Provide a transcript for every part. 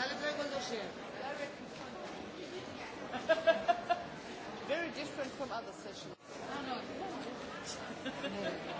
Ya le traigo el dossier. Very different from other sessions. Ah, no, no.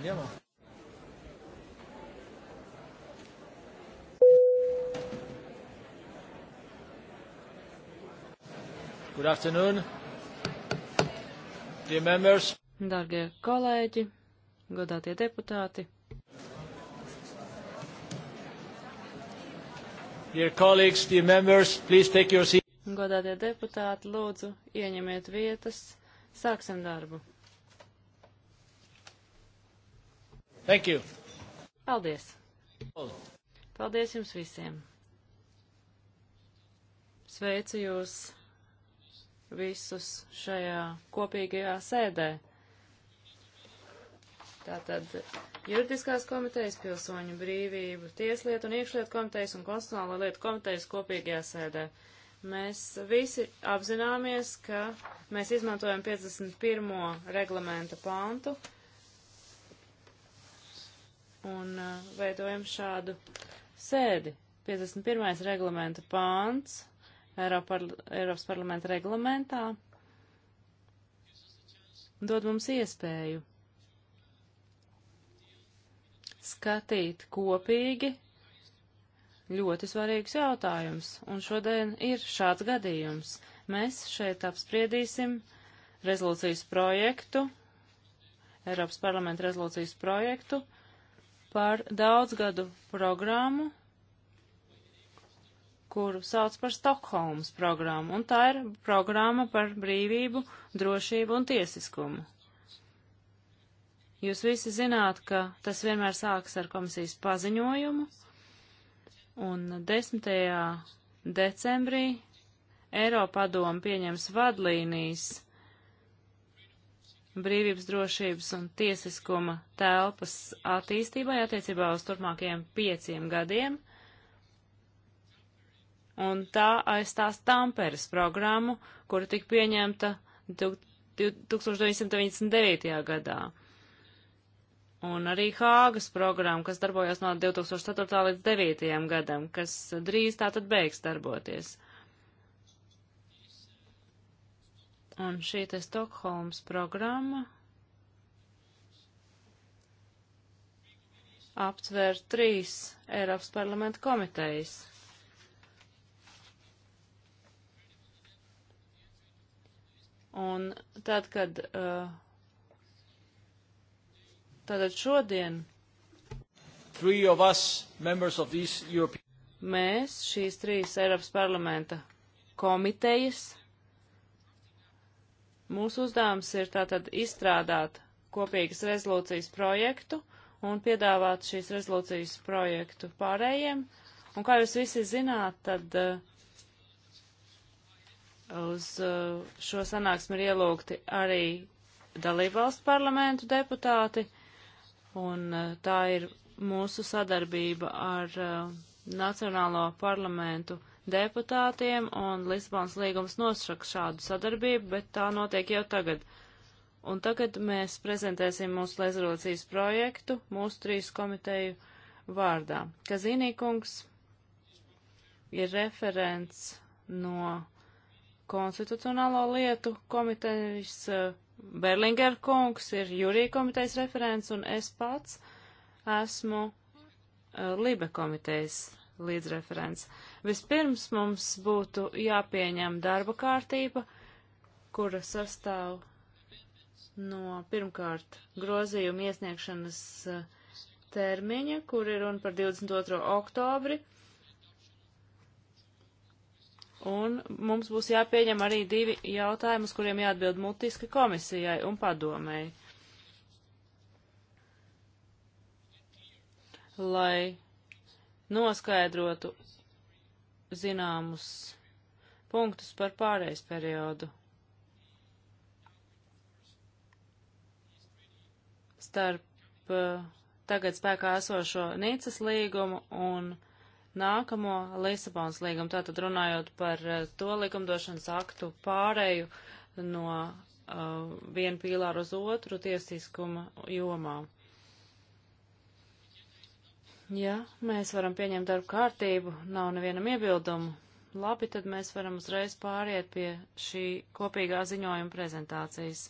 Andiamo. Good afternoon. Dear members. Dargie kolēģi, godātie deputāti. Dear colleagues, dear members, please take your seat. Godātie deputāti, lūdzu, ieņemiet vietas. Sāksim darbu. Thank you. Paldies. Paldies jums visiem. Sveicu jūs visus šajā kopīgajā sēdē. Tātad juridiskās komitejas pilsoņu brīvību, tieslietu un iekšlietu komitejas un konstitucionālo lietu komitejas kopīgajā sēdē. Mēs visi apzināmies, ka mēs izmantojam 51. reglamenta pantu un uh, veidojam šādu sēdi. 51. reglamenta pāns Eiropar, Eiropas parlamenta reglamentā dod mums iespēju skatīt kopīgi ļoti svarīgs jautājums, un šodien ir šāds gadījums. Mēs šeit apspriedīsim rezolūcijas projektu, Eiropas parlamenta rezolūcijas projektu, uh, par daudzgadu programmu, kuru sauc par Stokholmas programmu, un tā ir programma par brīvību, drošību un tiesiskumu. Jūs visi zināt, ka tas vienmēr sāks ar komisijas paziņojumu, un 10. decembrī Eiropadoma pieņems vadlīnijas brīvības, drošības un tiesiskuma telpas attīstībai attiecībā uz turpmākajiem pieciem gadiem, un tā aizstās Tamperes programmu, kura tika pieņemta 1999. gadā. Un arī Hāgas programma, kas darbojās no 2004. līdz 2009. gadam, kas drīz tātad beigs darboties. Un šī te Stokholmas programma aptver trīs Eiropas parlamenta komitejas. Un tad, kad uh, tātad šodien us, European... mēs šīs trīs Eiropas parlamenta komitejas Mūsu uzdevums ir tātad izstrādāt kopīgas rezolūcijas projektu un piedāvāt šīs rezolūcijas projektu pārējiem. Un kā jūs visi zināt, tad uh, uz uh, šo sanāksmi ir ielūgti arī dalībvalstu parlamentu deputāti, un uh, tā ir mūsu sadarbība ar Nacionālo parlamentu deputātiem, un Lisbonas līgums nosaka šādu sadarbību, bet tā notiek jau tagad. Un tagad mēs prezentēsim mūsu rezolūcijas projektu mūsu trīs komiteju vārdā. Kazinīkungs ir referents no konstitucionālo lietu komitejas, Berlinger kungs ir jūrī komitejas referents, un es pats esmu eh, Libe komitejas līdzreferents. Uh, Vispirms mums būtu jāpieņem darba kārtība, kura sastāv no pirmkārt grozījuma iesniegšanas eh, termiņa, kur ir runa par 22. oktobri. Un mums būs jāpieņem arī divi jautājumi, uz kuriem jāatbild mutiski komisijai un padomēji. Lai noskaidrotu zināmus punktus par pārējais periodu. Starp uh, tagad spēkā esošo Nīcas līgumu un nākamo Lisabons līgumu, tātad runājot par uh, to likumdošanas aktu pārēju no uh, eh, vienu pīlāru uz otru tiesiskuma jomā. Ja mēs varam pieņemt darbu kārtību, nav nevienam iebildumu, labi, tad mēs varam uzreiz pāriet pie šī kopīgā ziņojuma prezentācijas.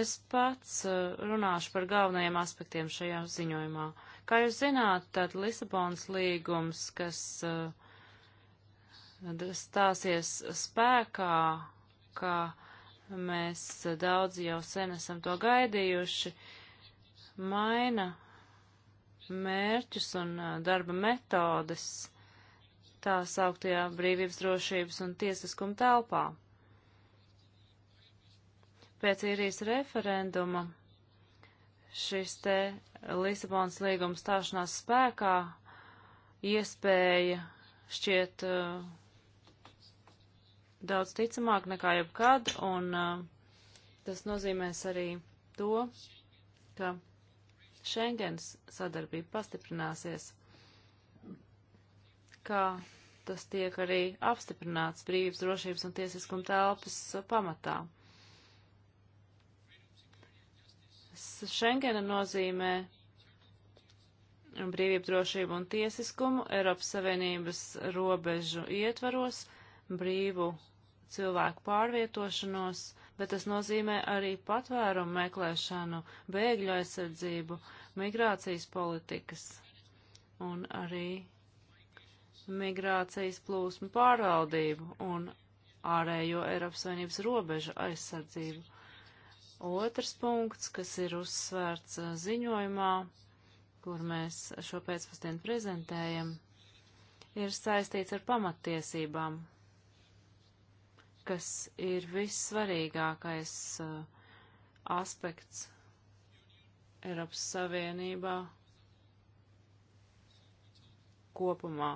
Es pats eh, runāšu par galvenajiem aspektiem šajā ziņojumā. Kā jūs zināt, tad Lisabonas līgums, kas eh, stāsies spēkā, kā mēs daudzi jau sen esam to gaidījuši, maina mērķus un darba metodes tā sauktajā brīvības drošības un tiesiskuma telpā. Pēc īrijas referenduma šis te Lisabonas līguma stāšanās spēkā iespēja šķiet uh, daudz ticamāk nekā jebkad, un uh, tas nozīmēs arī to, ka Šengens sadarbība pastiprināsies, kā tas tiek arī apstiprināts brīvības, drošības un tiesiskuma telpas pamatā. Šengena nozīmē brīvību, drošību un tiesiskumu Eiropas Savienības robežu ietvaros, brīvu cilvēku pārvietošanos, bet tas nozīmē arī patvērumu meklēšanu, bēgļu aizsardzību, migrācijas politikas un arī migrācijas plūsmu pārvaldību un ārējo Eiropas Savienības robežu aizsardzību. Otrs punkts, kas ir uzsvērts uh, ziņojumā, kur mēs šo pēcpusdienu prezentējam, ir saistīts ar pamattiesībām kas ir vissvarīgākais uh, aspekts Eiropas Savienībā kopumā.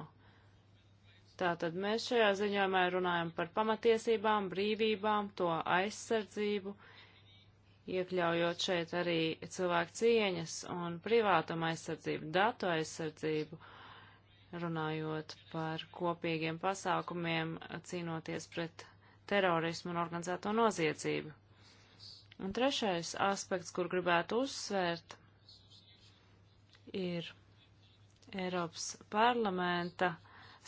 Tātad mēs šajā ziņojumā runājam par pamatiesībām, brīvībām, to aizsardzību, iekļaujot šeit arī cilvēku cieņas un privātuma aizsardzību, datu aizsardzību, runājot par kopīgiem pasākumiem, cīnoties pret terorismu un organizēto noziedzību. Un trešais aspekts, kur gribētu uzsvērt, ir Eiropas parlamenta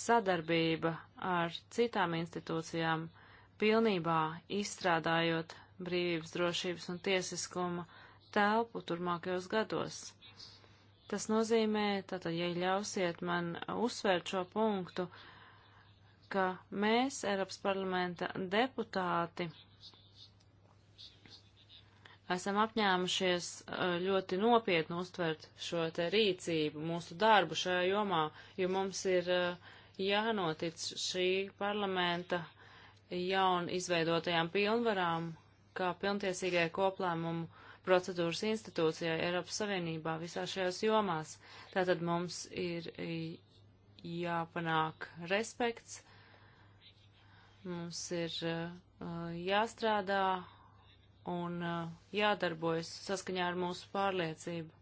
sadarbība ar citām institūcijām, pilnībā izstrādājot brīvības, drošības un tiesiskuma telpu turmākajos gados. Tas nozīmē, tātad, ja ļausiet man uzsvērt šo punktu, uh, ka mēs, Eiropas parlamenta deputāti, esam apņēmušies eh, ļoti nopietni uztvert šo te rīcību, mūsu darbu šajā jomā, jo mums ir eh, jānotic šī parlamenta jaun izveidotajām pilnvarām, kā pilntiesīgai koplēmumu procedūras institūcijai Eiropas Savienībā visā šajās jomās. Tātad mums ir eh, jāpanāk respekts Mums ir uh, jāstrādā un uh, jādarbojas saskaņā ar mūsu pārliecību.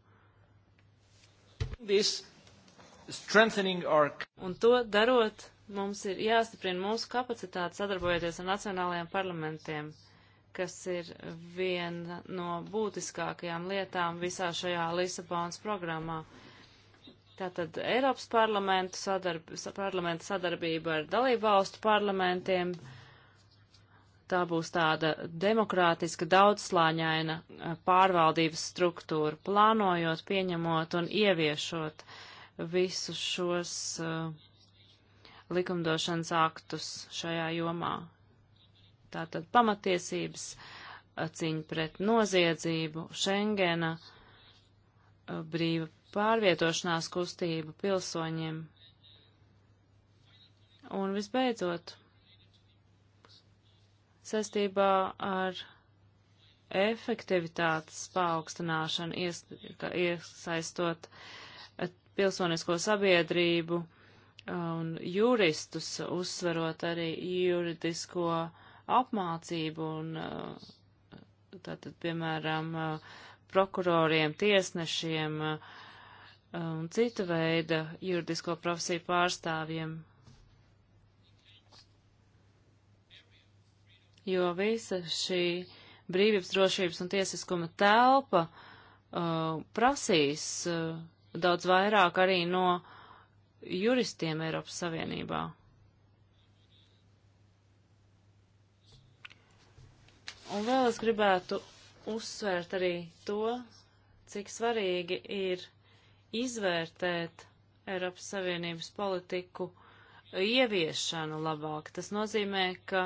Our... Un to darot, mums ir jāstiprina mūsu kapacitāte sadarbojoties ar nacionālajiem parlamentiem, kas ir viena no būtiskākajām lietām visā šajā Lisabonas programmā. Uh, Tātad Eiropas parlamentu sadarb, parlamenta sadarbība ar dalību valstu parlamentiem. Tā būs tāda demokrātiska, daudzslāņaina pārvaldības struktūra, plānojot, pieņemot un ieviešot visus šos uh, likumdošanas aktus šajā jomā. Tātad pamatiesības, cīņa pret noziedzību, Schengena, uh, brīva pārvietošanās kustību pilsoņiem. Un visbeidzot, saistībā ar efektivitātes paaugstināšanu, ies, iesaistot eh, pilsonisko sabiedrību eh, un juristus, uzsverot arī juridisko apmācību un eh, tātad, piemēram, prokuroriem, tiesnešiem, uh, un cita veida juridisko profesiju pārstāvjiem, jo visa šī brīvības, drošības un tiesiskuma telpa uh, prasīs uh, daudz vairāk arī no juristiem Eiropas Savienībā. Un vēl es gribētu uzsvērt arī to, cik svarīgi ir izvērtēt Eiropas Savienības politiku ieviešanu labāk. Tas nozīmē, ka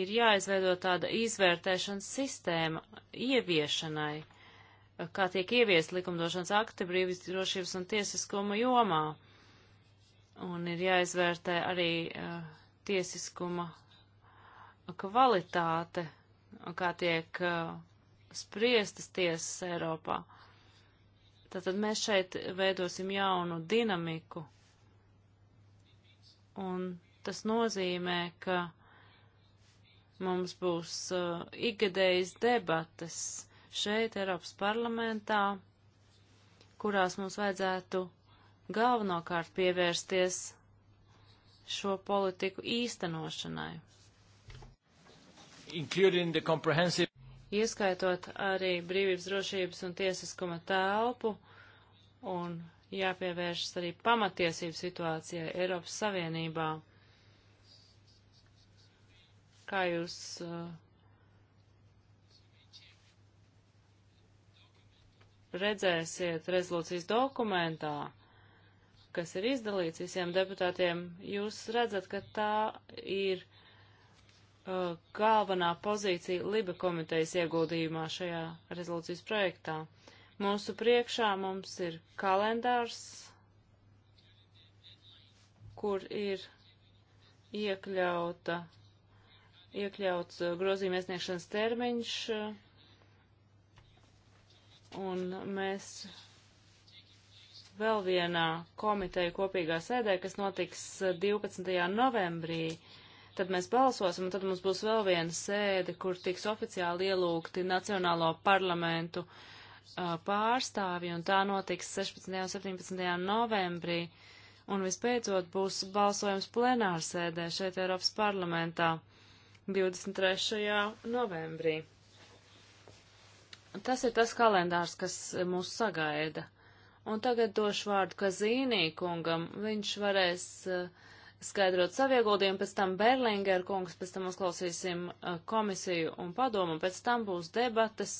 ir jāizveido tāda izvērtēšanas sistēma ieviešanai, kā tiek ieviest likumdošanas akti brīvis drošības un tiesiskuma jomā. Un ir jāizvērtē arī uh, tiesiskuma kvalitāte, kā tiek uh, spriestas tiesas Eiropā. Uh, Tātad mēs šeit veidosim jaunu dinamiku. Un tas nozīmē, ka mums būs uh, ikgadējas debates šeit Eiropas parlamentā, kurās mums vajadzētu galvenokārt pievērsties šo politiku īstenošanai. Including the comprehensive ieskaitot arī brīvības drošības un tiesiskuma telpu un jāpievēršas arī pamatiesību situācijai Eiropas Savienībā. Kā jūs uh, redzēsiet rezolūcijas dokumentā, kas ir izdalīts visiem deputātiem, jūs redzat, ka tā ir Uh, galvenā pozīcija Liba komitejas ieguldījumā šajā rezolūcijas projektā. Mūsu priekšā mums ir kalendārs, kur ir iekļauta, iekļauts uh, grozījuma iesniegšanas termiņš, uh, un mēs vēl vienā komiteja kopīgā sēdē, kas notiks 12. novembrī, uh, tad mēs balsosim, un tad mums būs vēl viena sēde, kur tiks oficiāli ielūgti Nacionālo parlamentu uh, pārstāvi, un tā notiks 16. un 17. novembrī, un vispēcot būs balsojums plenārsēdē šeit Eiropas parlamentā 23. novembrī. Tas ir tas kalendārs, kas mūs sagaida. Un tagad došu vārdu Kazīnī kungam. Viņš varēs uh, skaidrot savu ieguldījumu, pēc tam Berlinger kungs, pēc tam uzklausīsim uh, komisiju un padomu, un pēc tam būs debatas,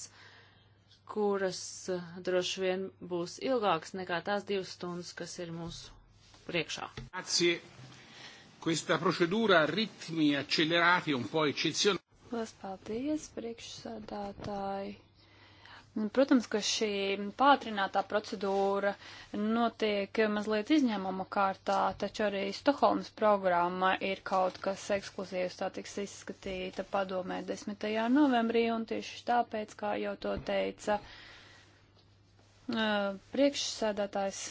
kuras uh, droši vien būs ilgākas nekā tās divas stundas, kas ir mūsu priekšā. Lielas paldies, priekšsādātāji! Protams, ka šī pātrinātā procedūra notiek mazliet izņēmuma kārtā, taču arī Stokholmas programma ir kaut kas ekskluzīvs, tā tiks izskatīta padomē 10. novembrī, un tieši tāpēc, kā jau to teica priekšsēdētājs,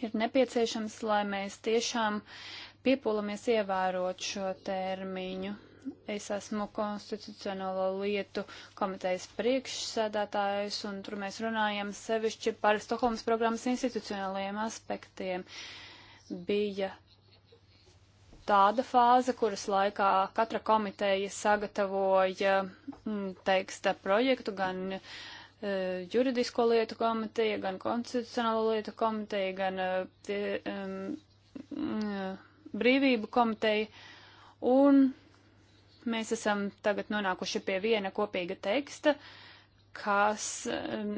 ir nepieciešams, lai mēs tiešām piepūlamies ievērot šo termiņu. Es esmu konstitucionālo lietu komitejas priekšsēdētājs, un tur mēs runājam sevišķi par Stokholmas programmas institucionālajiem aspektiem. Bija tāda fāze, kuras laikā katra komiteja sagatavoja mm, teksta projektu, gan e, juridisko lietu komiteja, gan konstitucionālo lietu komiteja, gan e, tie, um, e, brīvību komiteja. Un Mēs esam tagad nonākuši pie viena kopīga teksta, kas um,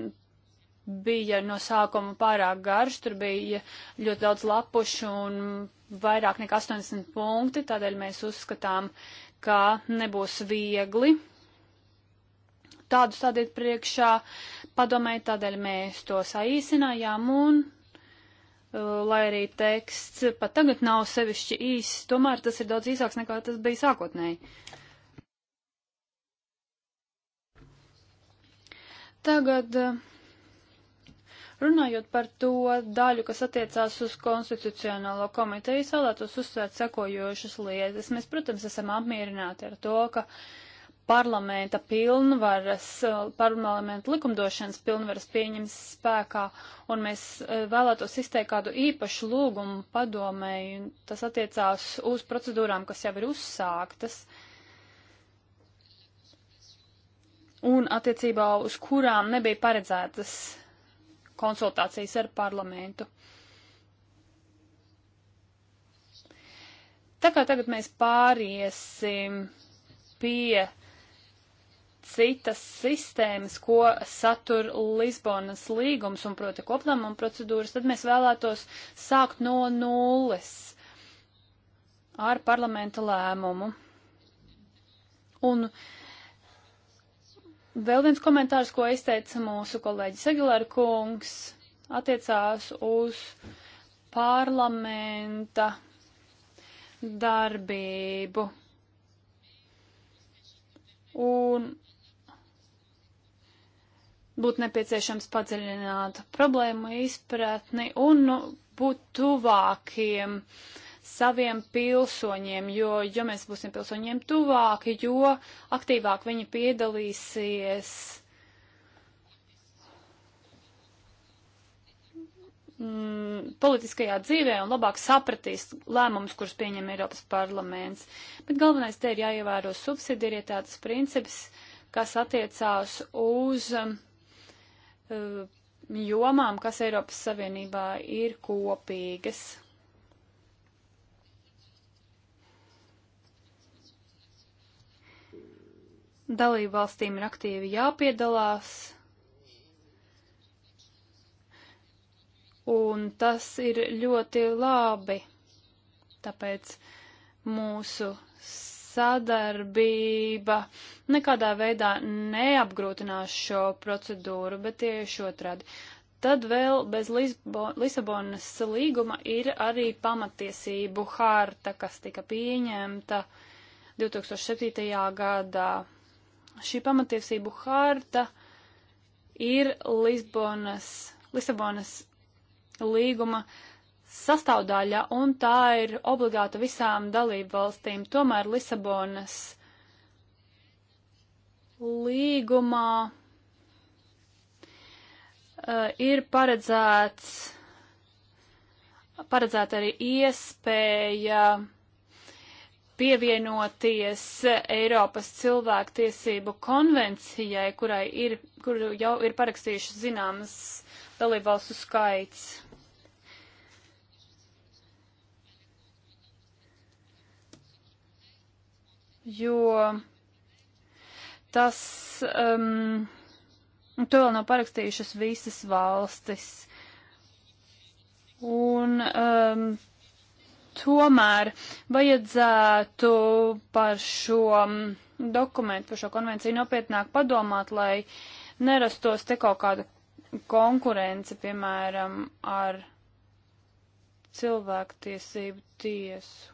bija no sākuma pārāk garš, tur bija ļoti daudz lapušu un vairāk nekā 80 punkti, tādēļ mēs uzskatām, ka nebūs viegli. Tādu stādīt priekšā padomē, tādēļ mēs to saīsinājām un Eh, lai arī teksts pat tagad nav sevišķi īss, tomēr tas ir daudz īsāks nekā tas bija sākotnēji. Tagad eh, runājot par to daļu, kas attiecās uz konstitucionālo komiteju, vēlētos uzsvērt sekojošas lietas. Mēs, protams, esam apmierināti ar to, ka uh, parlamenta pilnvaras, eh, parlamenta likumdošanas pilnvaras pieņems spēkā, un mēs eh, vēlētos izteikt kādu īpašu lūgumu padomēji, un tas attiecās uz procedūrām, kas jau ir uzsāktas, un attiecībā uz kurām nebija paredzētas konsultācijas ar parlamentu. Tā kā tagad mēs pāriesim pie citas sistēmas, ko satur Lisbonas līgums un proti koplēmuma procedūras, tad mēs vēlētos sākt no nulles ar parlamenta lēmumu. Un vēl viens komentārs, ko izteica mūsu kolēģis Agilēra kungs, attiecās uz parlamenta darbību. Un būtu nepieciešams padziļināt problēmu izpratni un nu, būt tuvākiem saviem pilsoņiem, jo, jo mēs būsim pilsoņiem tuvāki, jo aktīvāk viņi piedalīsies mm, politiskajā dzīvē un labāk sapratīs lēmumus, kurus pieņem Eiropas parlaments. Bet galvenais te ir jāievēro subsidiarietātes princips, kas attiecās uz Uh, jomām, kas Eiropas Savienībā ir kopīgas. Dalību valstīm ir aktīvi jāpiedalās, un tas ir ļoti labi. Tāpēc mūsu sadarbība nekādā veidā neapgrūtinās šo procedūru, bet tieši otrādi. Tad vēl bez Lisbo Lisabonas līguma ir arī pamatiesību harta, kas tika pieņemta 2007. gadā. Šī pamatiesību harta ir Lisbonas, Lisabonas līguma uh, sastāvdaļa, un tā ir obligāta visām dalību valstīm. Tomēr Lisabonas līgumā uh, ir paredzēts, paredzēta arī iespēja pievienoties Eiropas cilvēktiesību konvencijai, kurai ir, kuru jau ir parakstījušas zināmas dalībvalstu skaits. jo tas, um, to vēl nav parakstījušas visas valstis. Un um, tomēr vajadzētu par šo dokumentu, par šo konvenciju nopietnāk padomāt, lai nerastos te kaut kāda konkurence, piemēram, ar cilvēktiesību tiesu.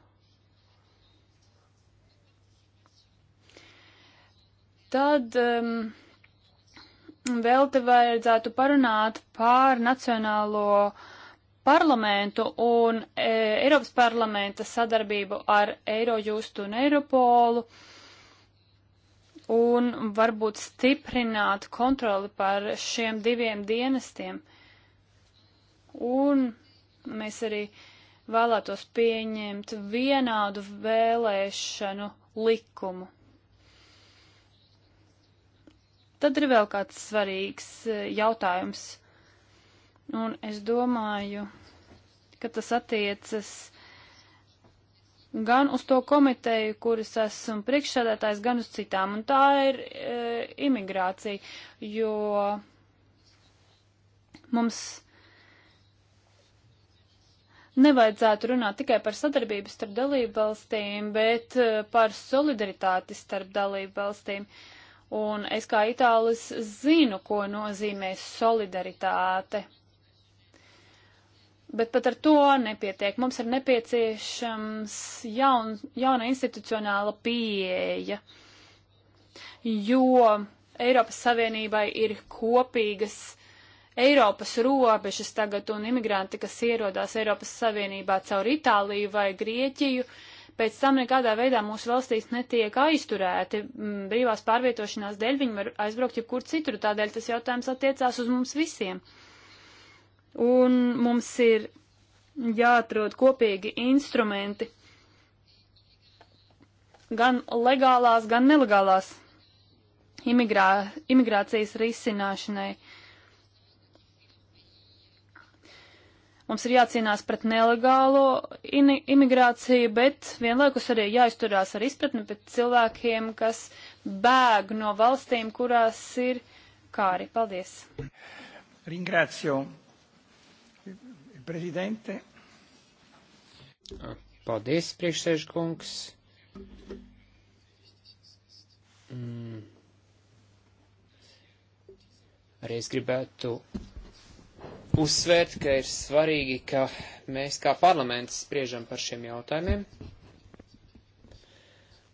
Tad um, vēl te vajadzētu parunāt pār nacionālo parlamentu un e, Eiropas parlamenta sadarbību ar Eirojustu un Eiropolu un varbūt stiprināt kontroli par šiem diviem dienestiem. Un mēs arī vēlētos pieņemt vienādu vēlēšanu likumu. Tad ir vēl kāds svarīgs eh, jautājums, un es domāju, ka tas attiecas gan uz to komiteju, kuras esmu priekšsēdētājs, gan uz citām, un tā ir e, imigrācija, jo mums nevajadzētu runāt tikai par sadarbību starp dalību valstīm, bet eh, par solidaritāti starp dalību valstīm. Uh, Un es kā itālis zinu, ko nozīmē solidaritāte. Bet pat ar to nepietiek. Mums ir nepieciešams jaun, jauna institucionāla pieeja, jo Eiropas Savienībai ir kopīgas Eiropas robežas tagad un imigranti, kas ierodās Eiropas Savienībā caur Itāliju vai Grieķiju, uh, pēc tam nekādā veidā mūsu valstīs netiek aizturēti mm, brīvās pārvietošanās dēļ, viņi var aizbraukt jebkur citur, tādēļ tas jautājums attiecās uz mums visiem. Un mums ir jāatrod kopīgi instrumenti gan legālās, gan nelegālās imigrā, imigrācijas risināšanai. Uh, Mums ir jācīnās pret nelegālo imigrāciju, bet vienlaikus arī jāizturās ar izpratni pret cilvēkiem, kas bēg no valstīm, kurās ir kāri. Paldies! Ringrazio prezidente. Paldies, priekšsēžkungs. Mm. Arī es gribētu uzsvērt, ka ir svarīgi, ka mēs kā parlaments spriežam par šiem jautājumiem.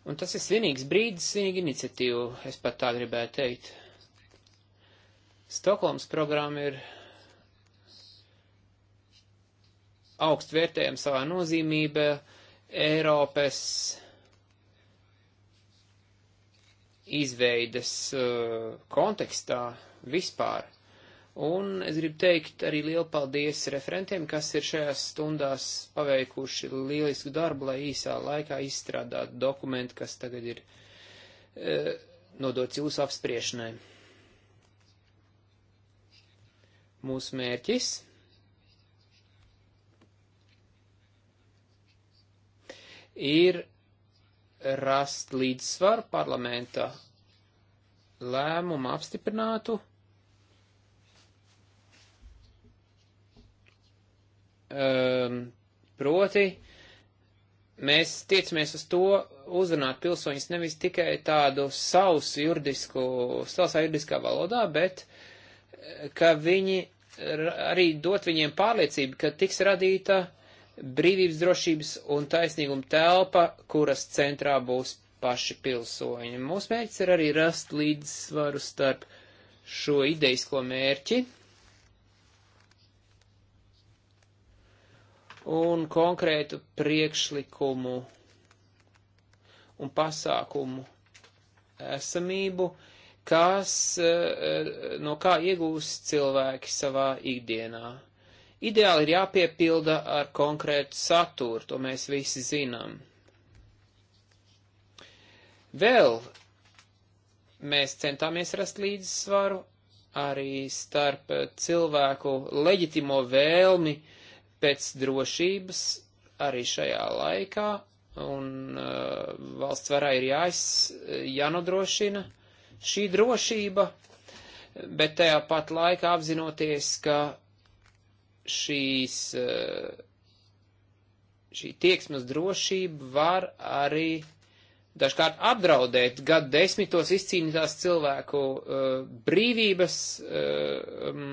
Un tas ir svinīgs brīdis, svinīga iniciatīva, es pat tā gribēju teikt. Stokholmas programma ir augst vērtējama savā nozīmība Eiropas izveides uh, kontekstā vispār. Un es gribu teikt arī lielu paldies referentiem, kas ir šajās stundās paveikuši lielisku darbu, lai īsā laikā izstrādātu dokumentu, kas tagad ir e, nodots jūsu apspriešanai. Mūsu mērķis ir rast līdzsvaru parlamenta lēmumu apstiprinātu Um, proti, mēs tiecamies uz to uzrunāt pilsoņus nevis tikai tādu savus juridisku, savā juridiskā valodā, bet eh, ka viņi arī dot viņiem pārliecību, ka tiks radīta brīvības drošības un taisnīguma telpa, kuras centrā būs paši pilsoņi. Mūsu mērķis ir arī rast līdzsvaru starp šo ideisko mērķi un konkrētu priekšlikumu un pasākumu esamību, kas, eh, no kā iegūst cilvēki savā ikdienā. Ideāli ir jāpiepilda ar konkrētu saturu, to mēs visi zinām. Vēl mēs centāmies rast līdzsvaru arī starp cilvēku leģitimo vēlmi uh, pēc drošības arī šajā laikā, un uh, valsts varā ir jāiz, jānodrošina šī drošība, bet tajā pat laikā apzinoties, ka šīs, uh, šī tieksmes drošība var arī dažkārt apdraudēt gadu desmitos izcīnītās cilvēku uh, brīvības. Uh, um,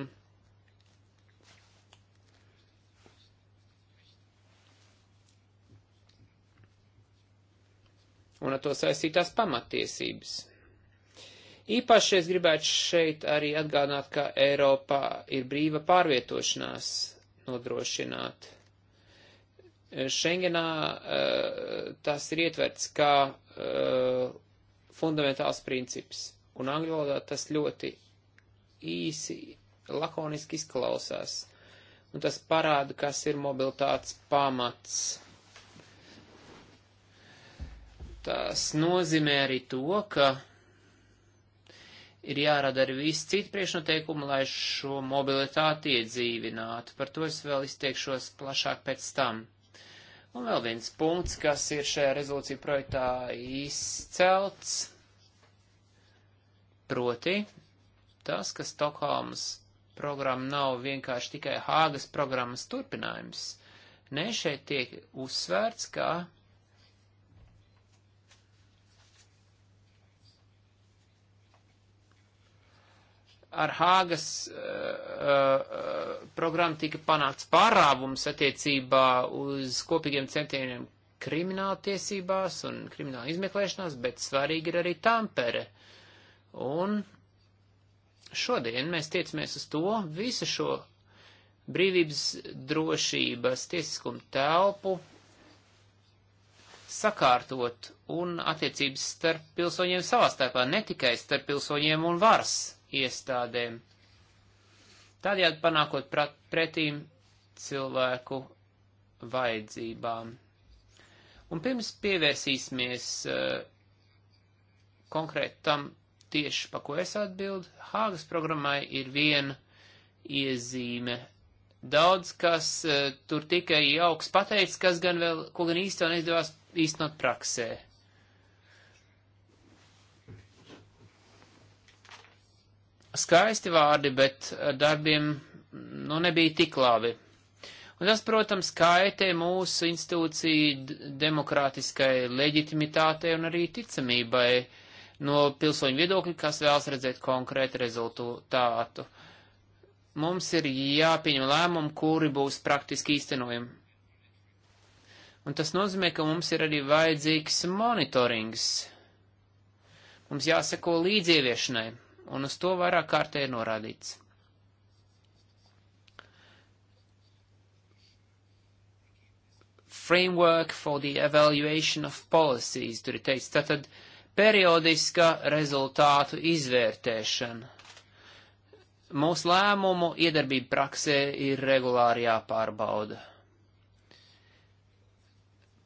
un ar to saistītās pamatiesības. Īpaši es gribētu šeit arī atgādināt, ka Eiropā ir brīva pārvietošanās nodrošināt. Šengenā eh, tas ir ietverts kā eh, fundamentāls princips, un angļu valodā tas ļoti īsi, lakoniski izklausās, un tas parāda, kas ir mobilitātes pamats Tas nozīmē arī to, ka ir jārada arī visi citi priekšnoteikumi, lai šo mobilitāti iedzīvinātu. Par to es vēl izteikšos plašāk pēc tam. Un vēl viens punkts, kas ir šajā rezolūcija projektā izcelts, proti tas, ka Stokholmas programma nav vienkārši tikai Hāgas programmas turpinājums. Nē, šeit tiek uzsvērts, ka ar Hāgas uh, uh, programmu tika panākts pārāvums attiecībā uz kopīgiem centieniem krimināltiesībās un krimināla izmeklēšanās, bet svarīgi ir arī tampere. Un šodien mēs tiecamies uz to visu šo brīvības, drošības, tiesiskumu telpu sakārtot un attiecības starp pilsoņiem savā starpā, ne tikai starp pilsoņiem un varas iestādēm. Tādējādi panākot pretīm cilvēku vajadzībām. Un pirms pievērsīsimies uh, eh, konkrēt tam tieši, pa ko es atbildu, Hāgas programmai ir viena iezīme. Daudz, kas uh, tur tikai jauks pateicis, kas gan vēl, ko gan īstenībā izdevās īstenot praksē. Uh, skaisti vārdi, bet eh, darbiem nu, nebija tik labi. Un tas, protams, kaitē mūsu institūciju demokrātiskai leģitimitātei un arī ticamībai no pilsoņu viedokļa, kas vēlas redzēt konkrētu rezultātu. Mums ir jāpieņem lēmumi, kuri būs praktiski īstenojami. Un tas nozīmē, ka mums ir arī vajadzīgs monitorings. Mums jāseko līdzieviešai, un uz to vairāk kārtē ir norādīts. Framework for the Evaluation of Policies, tur ir teiks, tātad periodiska rezultātu izvērtēšana. Mūsu lēmumu iedarbība praksē ir regulāri jāpārbauda.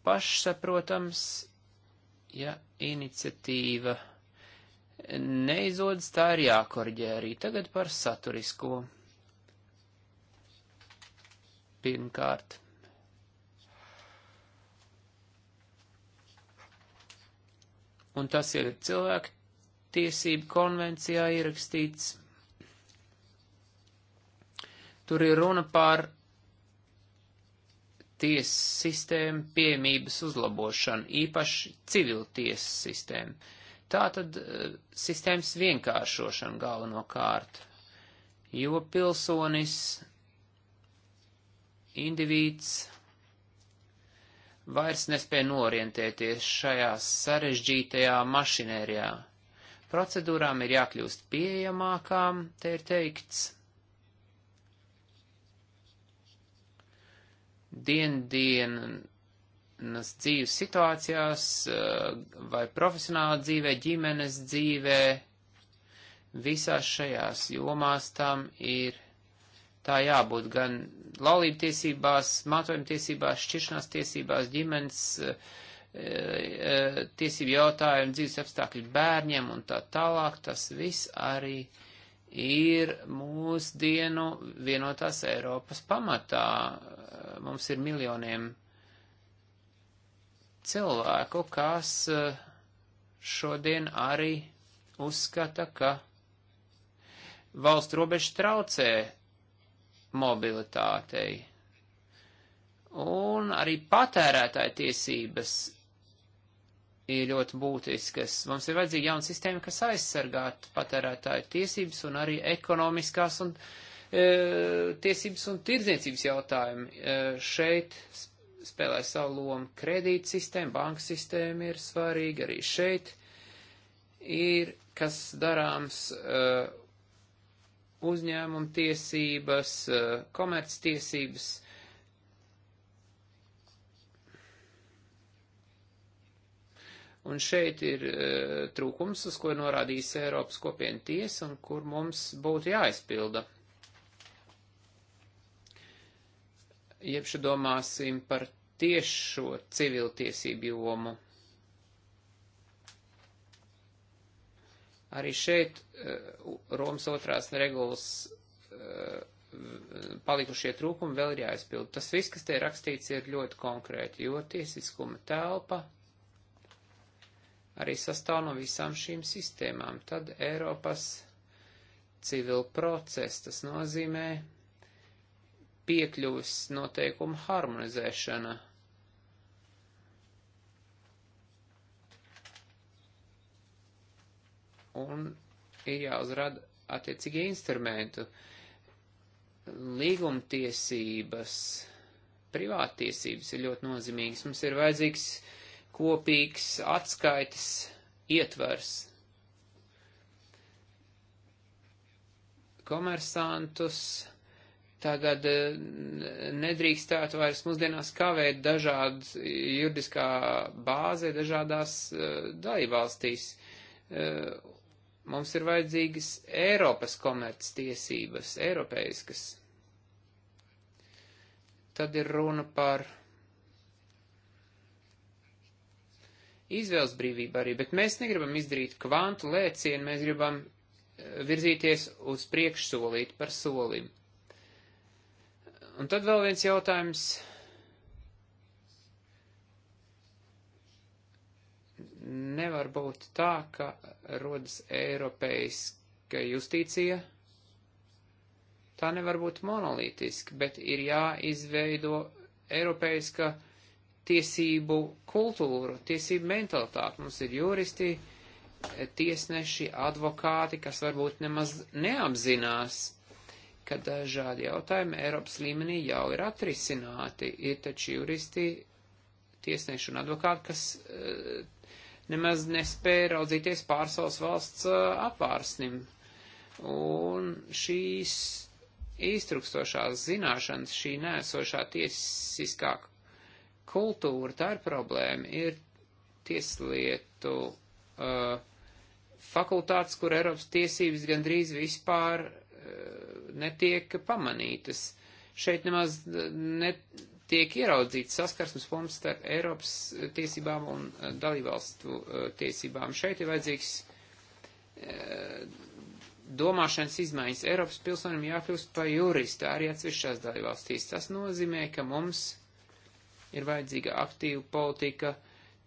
Pašsaprotams, ja iniciatīva neizdodas, tā ir jākorģē arī tagad par saturisko. Pirmkārt. Un tas jau ir cilvēku tiesību konvencijā ierakstīts. Tur ir runa par tiesu sistēmu piemības uzlabošanu, īpaši civiltiesu sistēmu Tā tad eh, sistēmas vienkāršošana galvenokārt, jo pilsonis, indivīds vairs nespēja norientēties šajā sarežģītajā mašinērijā. Procedūrām ir jākļūst pieejamākām, te ir teikts. Dien, dien, dzīves situācijās, eh, vai profesionāla dzīvē, ģimenes dzīvē, visās šajās jomās tam ir tā jābūt gan laulību tiesībās, mantojuma tiesībās, šķiršanās tiesībās, ģimenes eh, eh, tiesību jautājumu, dzīves apstākļu bērņiem un tā tālāk. Tas viss arī ir mūsdienu vienotās Eiropas pamatā. Mums ir miljoniem cilvēku, kas eh, šodien arī uzskata, ka valsts robeža traucē mobilitātei. Un arī patērētāja tiesības ir ļoti būtiskas. Mums ir vajadzīga jauna sistēma, kas aizsargātu patērētāju tiesības un arī ekonomiskās un e, tiesības un tirdzniecības jautājumi. E, šeit spēlē savu lomu. Kredīt sistēma, banka sistēma ir svarīga arī šeit. Ir, kas darāms uh, uzņēmuma tiesības, uh, komerc tiesības. Un šeit ir e, trūkums, uz ko norādījis Eiropas kopiena tiesa un kur mums būtu jāizpilda. Iepšu domāsim par tiešo civiltiesību jomu. Arī šeit eh, Romas otrās regulas eh, palikušie trūkumi vēl ir jāizpild. Tas viss, kas te ir rakstīts, ir ļoti konkrēti, jo tiesiskuma telpa arī sastāv no visām šīm sistēmām. Tad Eiropas civil process, tas nozīmē piekļuvis noteikumu harmonizēšana. Un ir jāuzrada attiecīgie instrumentu. Līgumtiesības, privātiesības ir ļoti nozīmīgas. Mums ir vajadzīgs kopīgs atskaites ietvers, komersantus tagad eh, nedrīkstētu vairs mūsdienās kavēt dažādas juridiskā bāze dažādās eh, dalībvalstīs. Eh, mums ir vajadzīgas Eiropas komerces tiesības, eiropeiskas. Tad ir runa par izvēles brīvību arī, bet mēs negribam izdarīt kvantu lēcienu, mēs gribam virzīties uz priekšsolīt par solim. Un tad vēl viens jautājums. Nevar būt tā, ka rodas Eiropeiska justīcija. Tā nevar būt monolītiska, bet ir jāizveido Eiropeiska tiesību kultūru, tiesību mentalitāti. Mums ir juristi, tiesneši, advokāti, kas varbūt nemaz neapzinās ka dažādi jautājumi Eiropas līmenī jau ir atrisināti. Ir taču juristi, tiesneši un advokāti, kas uh, nemaz nespēja raudzīties pār savas valsts uh, apvārsnim. Un šīs iztrukstošās zināšanas, šī nēsošā tiesiskā kultūra, tā ir problēma, ir tieslietu uh, fakultātes, kur Eiropas tiesības gandrīz vispār Eh, netiek pamanītas. Šeit nemaz eh, netiek ieraudzīts saskarsmes punkts starp Eiropas eh, tiesībām un dalībvalstu tiesībām. Šeit ir vajadzīgs domāšanas izmaiņas. Eiropas pilsonim jākļūst par juristu arī atsevišķās dalībvalstīs. Tas nozīmē, ka mums ir vajadzīga aktīva politika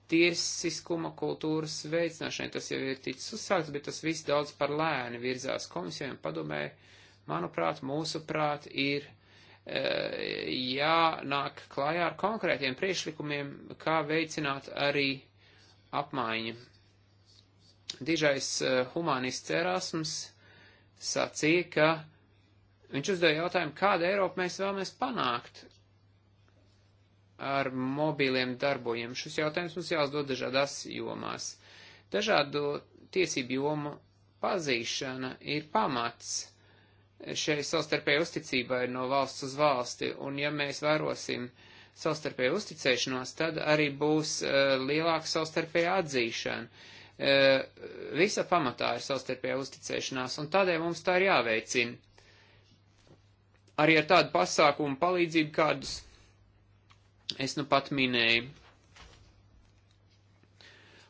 tiesiskuma kultūras veicināšanai. Tas jau ir ticis uzsākts, bet tas viss daudz par lēni virzās komisijām padomē. Manuprāt, mūsuprāt, ir e, jānāk klājā ar konkrētiem priešlikumiem, kā veicināt arī apmaiņu. Dižais e, humanists Erasms sacīja, ka viņš uzdeva jautājumu, kādu Eiropu mēs vēlamies panākt, ar mobīliem darbojiem. Šis jautājums mums jāuzdod dažādās jomās. Dažādu tiesību jomu pazīšana ir pamats šai savstarpēji uzticībai no valsts uz valsti, un ja mēs vērosim savstarpēju uzticēšanos, tad arī būs uh, lielāka savstarpēja atzīšana. Uh, visa pamatā ir savstarpējā uzticēšanās, un tādēļ mums tā ir jāveicina. Arī ar tādu pasākumu palīdzību, kādus es nu pat minēju.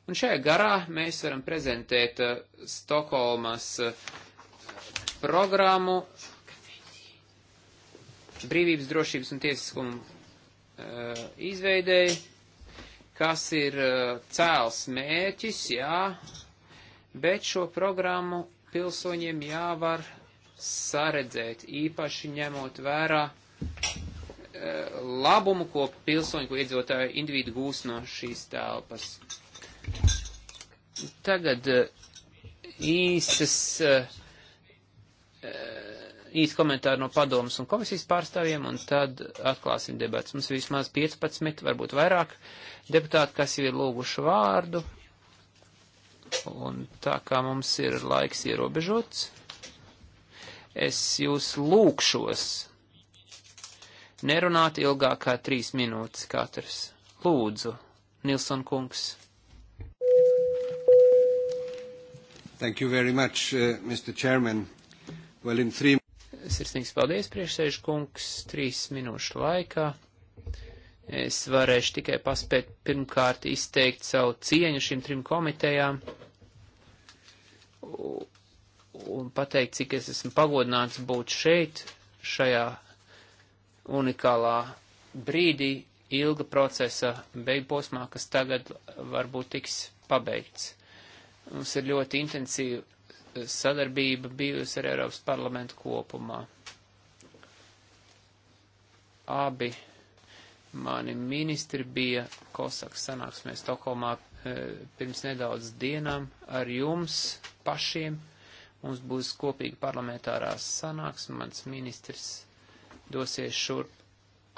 Un šajā garā mēs varam prezentēt uh, Stokholmas uh, programmu brīvības, drošības un tiesiskuma uh, izveidēji, kas ir uh, cēls mērķis, jā, bet šo programmu pilsoņiem jāvar saredzēt, īpaši ņemot vērā Eh, labumu, ko pilsoņu, ko iedzīvotāju individu gūs no šīs telpas. Tagad eh, īsas, eh, īsts komentāri no padomas un komisijas pārstāvjiem, un tad atklāsim debats. Mums vismaz 15, varbūt vairāk deputāti, kas jau ir lūguši vārdu, un tā kā mums ir laiks ierobežots, es jūs lūkšos nerunāt ilgāk kā trīs minūtes katrs. Lūdzu, Nilson kungs. Thank you very much, uh, Mr. Chairman. Well, in three... Sirsnīgs paldies, priekšsēžu kungs, trīs minūšu laikā. Es varēšu tikai paspēt pirmkārt izteikt savu cieņu šīm trim komitejām un pateikt, cik es esmu pagodināts būt šeit, šajā unikālā brīdī ilga procesa beigposmā, kas tagad varbūt tiks pabeigts. Mums ir ļoti intensīva sadarbība bijusi ar Eiropas parlamentu kopumā. Abi mani ministri bija Kosakas sanāksmē Stokholmā eh, pirms nedaudz dienām ar jums pašiem. Mums būs kopīga parlamentārā sanāksme, mans ministrs dosies šurp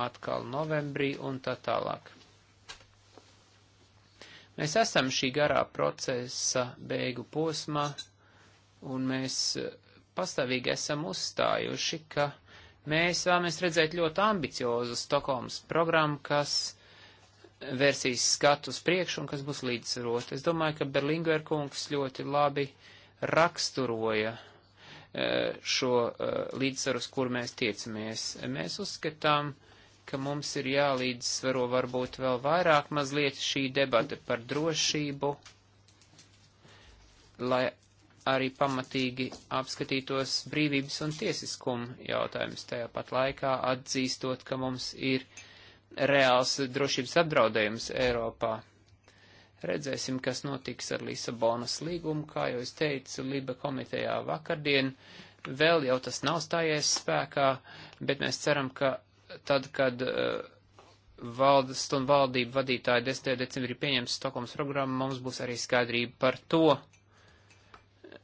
atkal novembrī un tā tālāk. Mēs esam šī garā procesa beigu posmā, un mēs pastāvīgi esam uzstājuši, ka mēs vēlamies redzēt ļoti ambiciozu Stokholmas programmu, kas vērsīs skatu uz priekšu un kas būs līdzsvarot. Es domāju, ka Berlingerkungs ļoti labi raksturoja uh, E, šo e, līdzsvaru, uz kur mēs tiecamies. Mēs uzskatām, ka mums ir jālīdzsvaro varbūt vēl vairāk mazliet šī debata par drošību, lai arī pamatīgi apskatītos brīvības un tiesiskumu jautājumus tajā pat laikā, atzīstot, ka mums ir reāls drošības apdraudējums Eiropā. Redzēsim, kas notiks ar Lisabonas līgumu, kā jau es teicu, Liba komitejā vakardien. Vēl jau tas nav stājies spēkā, bet mēs ceram, ka tad, kad uh, valdes un valdību vadītāji 10. decembrī pieņems Stokholmas programmu, mums būs arī skaidrība par to. Uh,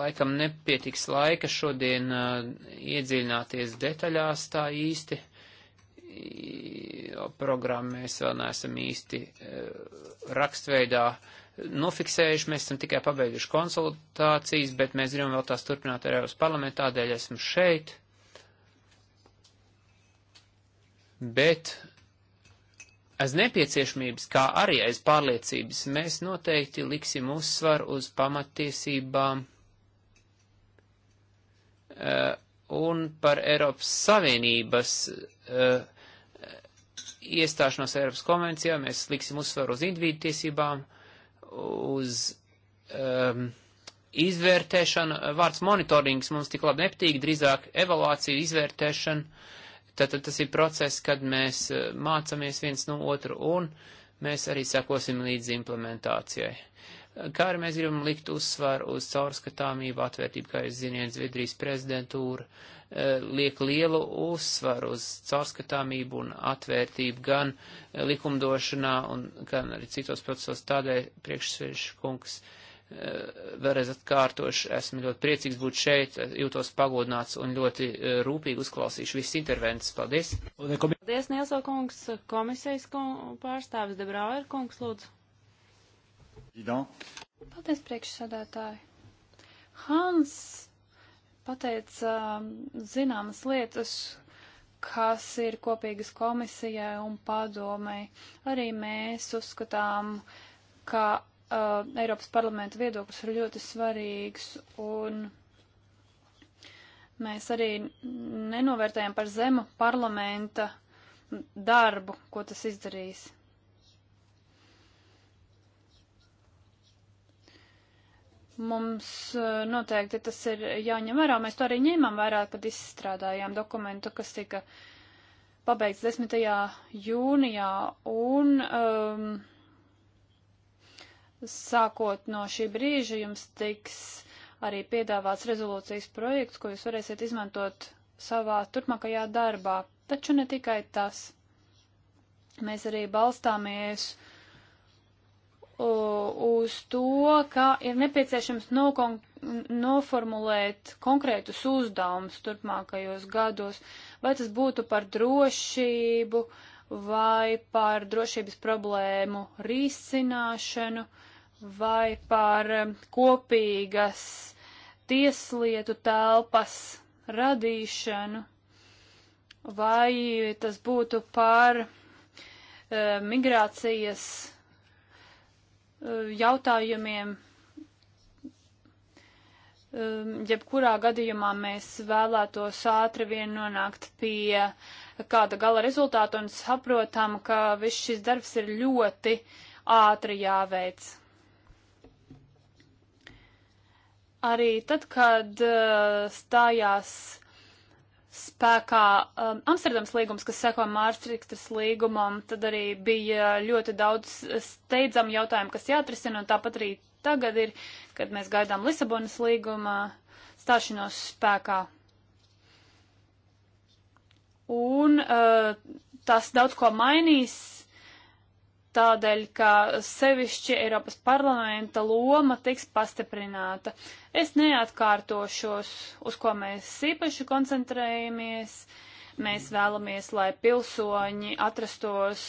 laikam nepietiks laika šodien uh, iedziļināties detaļās tā īsti jo programmu mēs vēl neesam īsti eh, rakstveidā nofiksējuši, mēs esam tikai pabeiguši konsultācijas, bet mēs gribam vēl tās turpināt ar Eiropas parlamentu, tādēļ esmu šeit. Bet aiz nepieciešamības, kā arī aiz pārliecības, mēs noteikti liksim uzsvaru uz pamatiesībām uh, un par Eiropas Savienības uh, iestāšanos Eiropas konvencijā, mēs liksim uzsvaru uz individu tiesībām, uz um, izvērtēšanu, vārds monitorings mums tik labi nepatīk, drīzāk evalācija, izvērtēšana, tātad tas ir process, kad mēs uh, mācamies viens no otru un mēs arī sekosim līdz implementācijai kā arī mēs gribam likt uzsvaru uz caurskatāmību, atvērtību, kā jūs ziniet, Zviedrijas prezidentūra e, liek lielu uzsvaru uz caurskatāmību un atvērtību gan e, likumdošanā, un, gan arī citos procesos. Tādēļ priekšsvieškungs e, vēlreiz atkārtoši esmu ļoti priecīgs būt šeit, jūtos pagodināts un ļoti rūpīgi uzklausīšu visas intervences. Paldies! Paldies, Nielso kungs, komisijas kungs, pārstāvis Debrauer kungs, lūdzu. Paldies, priekšsādātāji. Hans pateica um, zināmas lietas, kas ir kopīgas komisijai un padomei. Arī mēs uzskatām, ka uh, Eiropas parlamenta viedoklis ir ļoti svarīgs un mēs arī nenovērtējam par zemu parlamenta darbu, ko tas izdarīs. Mums eh, noteikti tas ir jāņem vērā. Mēs to arī ņēmām vērā, kad izstrādājām dokumentu, kas tika pabeigts 10. jūnijā. Un, um, sākot no šī brīža jums tiks arī piedāvāts rezolūcijas projekts, ko jūs varēsiet izmantot savā turpmākajā darbā. Taču ne tikai tas. Mēs arī balstāmies uz uz to, ka ir nepieciešams nokon, noformulēt konkrētus uzdevumus turpmākajos gados, vai tas būtu par drošību vai par drošības problēmu risināšanu vai par um, kopīgas tieslietu telpas radīšanu, vai tas būtu par e, migrācijas jautājumiem. Um, jebkurā gadījumā mēs vēlētos ātri vien nonākt pie kāda gala rezultāta un saprotam, ka viss šis darbs ir ļoti ātri jāveic. Arī tad, kad uh, stājās spēkā um, Amsterdams līgums, kas seko Mārstriktas līgumam, tad arī bija ļoti daudz steidzam jautājumu, kas jāatrisina, un tāpat arī tagad ir, kad mēs gaidām Lisabonas līguma stāšanos spēkā. Un uh, tas daudz ko mainīs tādēļ, ka sevišķi Eiropas parlamenta loma tiks pastiprināta. Es neatkārtošos, uz ko mēs īpaši koncentrējamies. Mēs vēlamies, lai pilsoņi atrastos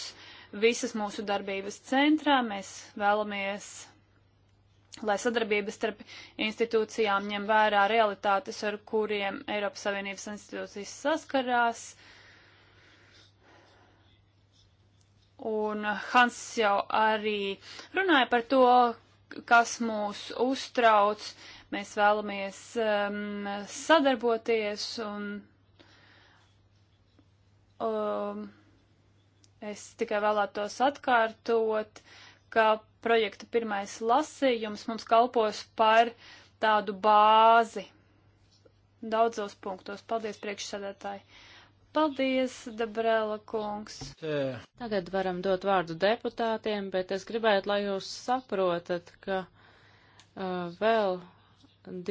visas mūsu darbības centrā. Mēs vēlamies, lai sadarbības starp institūcijām ņem vērā realitātes, ar kuriem Eiropas Savienības institūcijas saskarās. Uh, Un Hans jau arī runāja par to, kas mūs uztrauc. Mēs vēlamies um, sadarboties un um, es tikai vēlētos atkārtot, ka projekta pirmais lasījums mums kalpos par tādu bāzi daudzos punktos. Paldies priekšsēdētāji! Paldies, Dabrēla kungs. Yeah. Tagad varam dot vārdu deputātiem, bet es gribētu, lai jūs saprotat, ka uh, vēl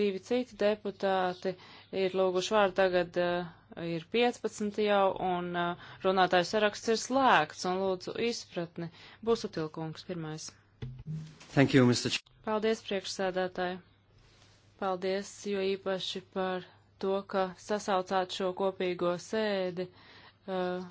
divi citi deputāti ir lūguši vārdu tagad. Uh, ir 15 jau, un uh, runātāju saraksts ir slēgts, un lūdzu izpratni. Būs utilkungs pirmais. Thank you, Mr. Č Paldies, priekšsēdētāji. Paldies, jo īpaši par to, ka sasaucāt šo kopīgo sēdi uh,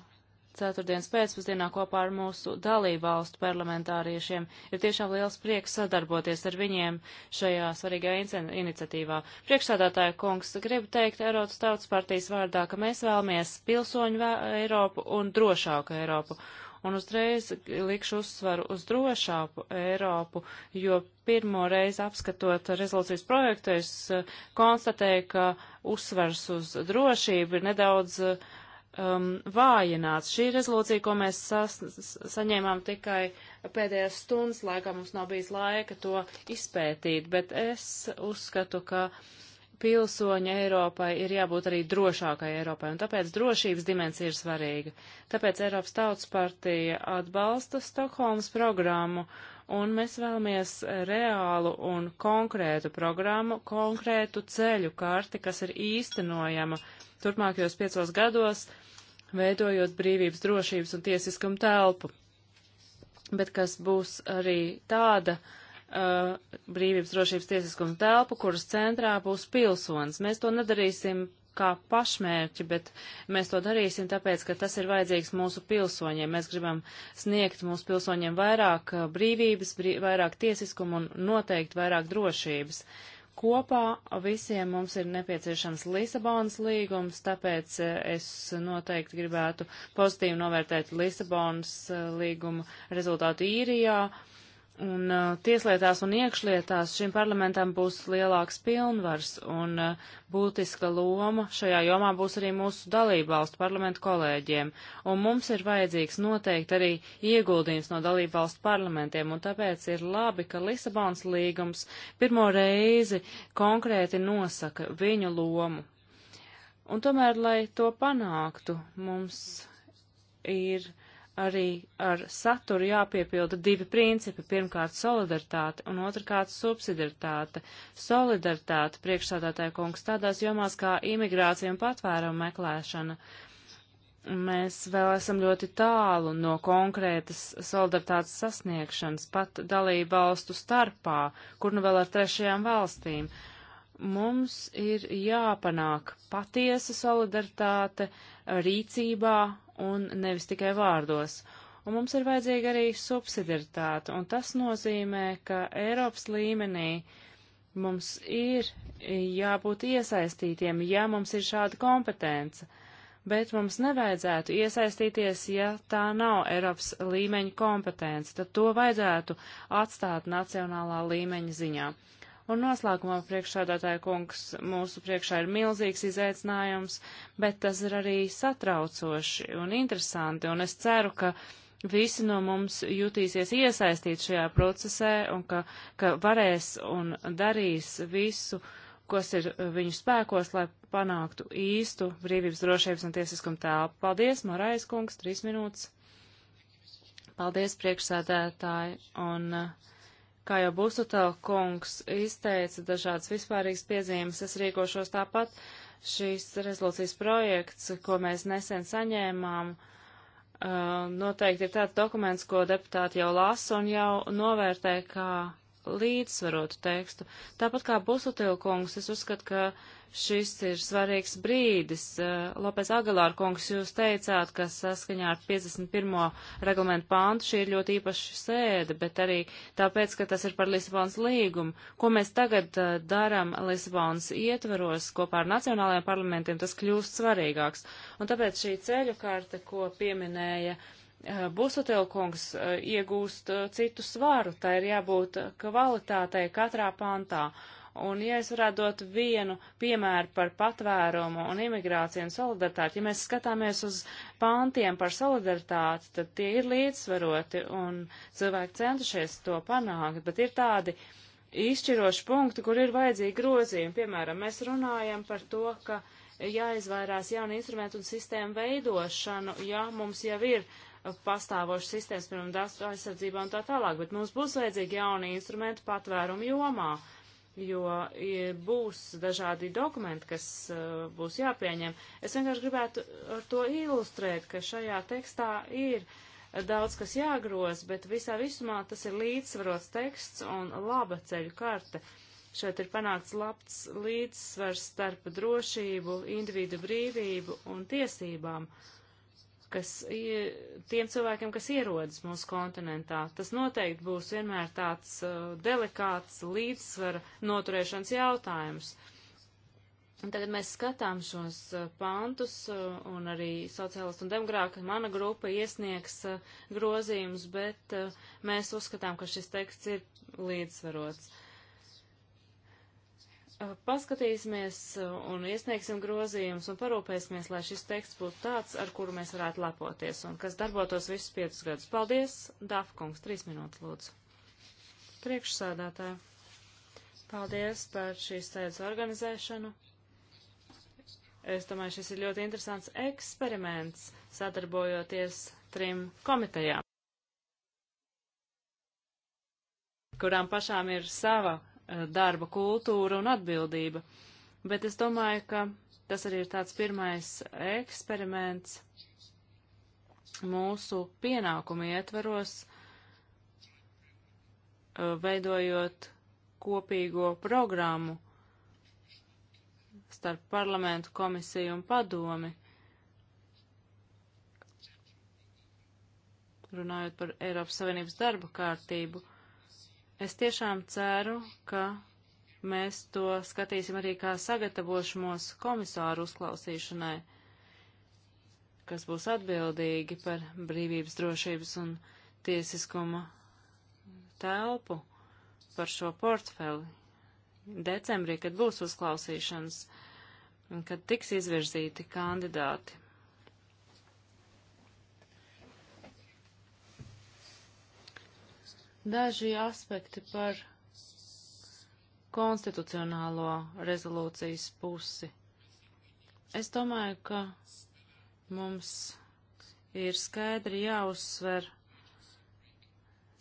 ceturtdienas pēcpusdienā kopā ar mūsu dalībvalstu parlamentāriešiem. Ir tiešām liels prieks sadarboties ar viņiem šajā svarīgajā iniciatīvā. Priekšsādātāja kungs, gribu teikt Eiropas tautas partijas vārdā, ka mēs vēlamies pilsoņu Eiropu un drošāku Eiropu un uzreiz likšu uzsvaru uz drošāku Eiropu, jo pirmo reizi apskatot rezolūcijas projektu, es eh, konstatēju, ka uzsvars uz drošību ir nedaudz um, vājināts. Šī rezolūcija, ko mēs sas, saņēmām tikai pēdējās stundas laikā, mums nav bijis laika to izpētīt, bet es uzskatu, ka uh, pilsoņa Eiropai ir jābūt arī drošākai Eiropai, un tāpēc drošības dimensija ir svarīga. Tāpēc Eiropas Tautas partija atbalsta Stokholmas programmu, un mēs vēlamies reālu un konkrētu programmu, konkrētu ceļu karti, kas ir īstenojama turpmākajos piecos gados, veidojot brīvības, drošības un tiesiskumu telpu. Bet kas būs arī tāda uh, Uh, brīvības, drošības, tiesiskuma telpu, kuras centrā būs pilsonis. Mēs to nedarīsim kā pašmērķi, bet mēs to darīsim tāpēc, ka tas ir vajadzīgs mūsu pilsoņiem. Mēs gribam sniegt mūsu pilsoņiem vairāk uh, brīvības, brī, vairāk tiesiskuma un noteikti vairāk drošības. Kopā visiem mums ir nepieciešams Lisabonas līgums, tāpēc uh, es noteikti gribētu pozitīvi novērtēt Lisabonas līgumu rezultātu īrijā. Uh, Un uh, tieslietās un iekšlietās šim parlamentam būs lielāks pilnvars un uh, būtiska loma šajā jomā būs arī mūsu dalībvalstu parlamentu kolēģiem. Un mums ir vajadzīgs noteikti arī ieguldījums no dalībvalstu parlamentiem, un tāpēc ir labi, ka Lisabons līgums pirmo reizi konkrēti nosaka viņu lomu. Un tomēr, lai to panāktu, mums ir arī ar saturu jāpiepilda divi principi. Pirmkārt, solidaritāte un otrkārt, subsidiaritāte. Solidaritāte priekšsādātāja kungs tādās jomās kā imigrācija un patvērumu meklēšana. Mēs vēl esam ļoti tālu no konkrētas solidaritātes sasniegšanas, pat dalību valstu starpā, kur nu vēl ar trešajām valstīm. Mums ir jāpanāk patiesa solidaritāte rīcībā un nevis tikai vārdos. Un mums ir vajadzīga arī subsidiaritāte, un tas nozīmē, ka Eiropas līmenī mums ir jābūt iesaistītiem, ja mums ir šāda kompetence, bet mums nevajadzētu iesaistīties, ja tā nav Eiropas līmeņa kompetence, tad to vajadzētu atstāt nacionālā līmeņa ziņā. Un noslēgumā priekšsādātāja kungs, mūsu priekšā ir milzīgs izaicinājums, bet tas ir arī satraucoši un interesanti, un es ceru, ka visi no mums jutīsies iesaistīt šajā procesē un ka, ka varēs un darīs visu, kas ir viņu spēkos, lai panāktu īstu brīvības drošības un tiesiskumu tēlu. Paldies, Morais kungs, trīs minūtes. Paldies, priekšsēdētāji, un uh, Kā jau Busutela kungs izteica dažādas vispārīgas piezīmes, es rīkošos tāpat. Šīs rezolūcijas projekts, ko mēs nesen saņēmām, uh, noteikti ir tāds dokuments, ko deputāti jau lasa un jau novērtē kā līdzsvarotu tekstu. Tāpat kā Busutilkungs, es uzskatu, ka šis ir svarīgs brīdis. Eh, Lopes Agalāra kungs, jūs teicāt, ka saskaņā ar 51. reglamentu pāntu šī ir ļoti īpaša sēde, bet arī tāpēc, ka tas ir par Lisabonas līgumu. Ko mēs tagad eh, daram Lisabonas ietvaros kopā ar nacionālajiem parlamentiem, tas kļūst svarīgāks. Un tāpēc šī ceļu karta, ko pieminēja uh, Eh, Busotilkungs eh, iegūst eh, citu svaru, tai ir jābūt kvalitātei katrā pantā. Un, ja es varētu dot vienu piemēru par patvērumu un imigrāciju un solidaritāti, ja mēs skatāmies uz pāntiem par solidaritāti, tad tie ir līdzsvaroti un cilvēki centušies to panākt, bet ir tādi izšķiroši punkti, kur ir vajadzīgi grozījumi. Piemēram, mēs runājam par to, ka jāizvairās jaunu instrumentu un sistēmu veidošanu, ja mums jau ir pastāvošas sistēmas, piemēram, datu aizsardzībā un tā tālāk, bet mums būs vajadzīgi jauni instrumenti patvērumu jomā, jo būs dažādi dokumenti, kas uh, būs jāpieņem. Es vienkārši gribētu ar to ilustrēt, ka šajā tekstā ir daudz kas jāgroz, bet visā visumā tas ir līdzsvarots teksts un laba ceļu karta. Šeit ir panākts labs līdzsvars starp drošību, individu brīvību un tiesībām. Uh, kas, tiem cilvēkiem, kas ierodas mūsu kontinentā. Tas noteikti būs vienmēr tāds uh, delikāts līdzsvara noturēšanas jautājums. Un tagad mēs skatām šos uh, pantus, uh, un arī sociālistu un demokrāta mana grupa iesniegs uh, grozījumus, bet uh, mēs uzskatām, ka šis teksts ir līdzsvarots. Uh, Eh, paskatīsimies eh, un iesniegsim grozījumus un parūpēsimies, lai šis teksts būtu tāds, ar kuru mēs varētu lepoties un kas darbotos visus piecus gadus. Paldies, Dāfkungs, trīs minūtes lūdzu. Priekšsādātāji, paldies par šīs sēdes organizēšanu. Es domāju, šis ir ļoti interesants eksperiments, sadarbojoties trim komitejām, kurām pašām ir sava Eh, darba kultūra un atbildība. Bet es domāju, ka tas arī ir tāds pirmais eksperiments mūsu pienākumu ietveros, eh, veidojot kopīgo programmu starp parlamentu komisiju un padomi, runājot par Eiropas Savienības darba kārtību. Es tiešām ceru, ka mēs to skatīsim arī kā sagatavošanos komisāru uzklausīšanai, kas būs atbildīgi par brīvības, drošības un tiesiskuma telpu par šo portfeli. Decembrī, kad būs uzklausīšanas, kad tiks izvirzīti kandidāti. Daži aspekti par konstitucionālo rezolūcijas pusi. Es domāju, ka mums ir skaidri jāuzsver,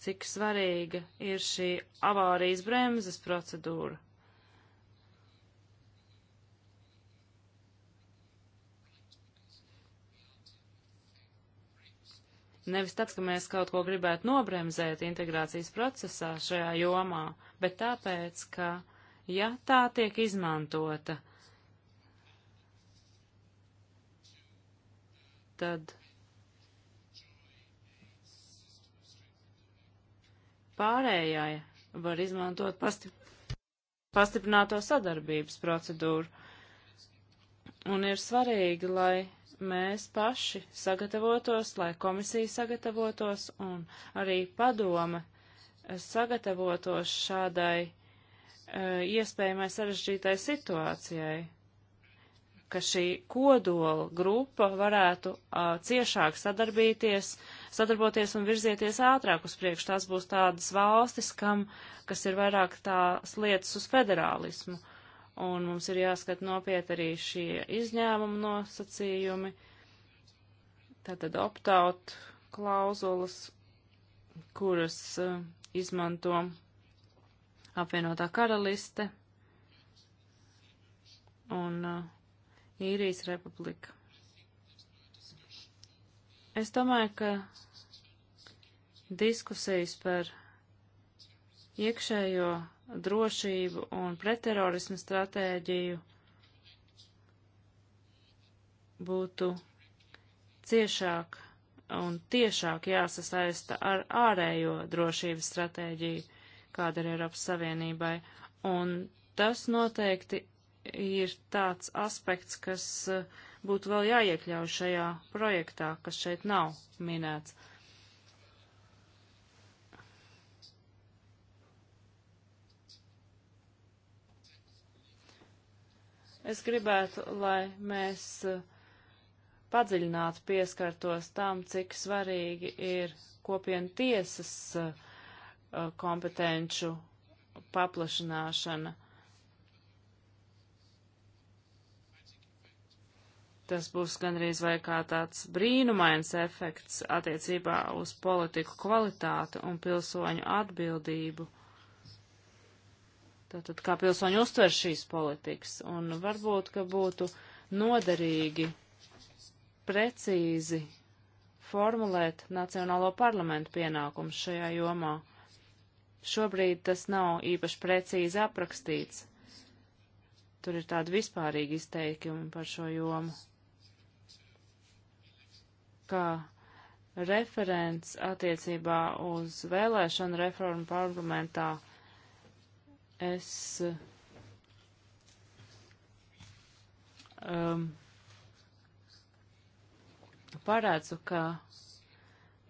cik svarīga ir šī avārijas bremzes procedūra. Nevis tāds, ka mēs kaut ko gribētu nobremzēt integrācijas procesā šajā jomā, bet tāpēc, ka, ja tā tiek izmantota, tad pārējai var izmantot pastip pastiprināto sadarbības procedūru. Un ir svarīgi, lai mēs paši sagatavotos, lai komisija sagatavotos un arī padome sagatavotos šādai uh, iespējamai sarežģītai situācijai, ka šī kodola grupa varētu uh, ciešāk sadarbīties, sadarboties un virzieties ātrāk uz priekšu. Tās būs tādas valstis, kam, kas ir vairāk tās lietas uz federālismu. Uh, un mums ir jāskat nopiet arī šie izņēmuma nosacījumi, tātad optaut klauzulas, kuras uh, izmanto apvienotā karaliste un uh, īrijas republika. Es domāju, ka diskusijas par iekšējo drošību un pretterorismu stratēģiju būtu ciešāk un tiešāk jāsasaista ar ārējo drošības stratēģiju, kāda ir Eiropas Savienībai. Un tas noteikti ir tāds aspekts, kas eh, būtu vēl jāiekļauj šajā projektā, kas šeit nav minēts. Uh, Es gribētu, lai mēs eh, padziļinātu pieskartos tam, cik svarīgi ir kopienu tiesas eh, kompetenču paplašināšana. Tas būs gandrīz vai kā tāds brīnumains efekts attiecībā uz politiku kvalitātu un pilsoņu atbildību Tātad, kā pilsoņi uztver šīs politikas, un varbūt, ka būtu noderīgi precīzi formulēt Nacionālo parlamentu pienākumus šajā jomā. Šobrīd tas nav īpaši precīzi aprakstīts. Tur ir tādi vispārīgi izteikumi par šo jomu. Kā referents attiecībā uz vēlēšanu reformu parlamentā Es um, paredzu, ka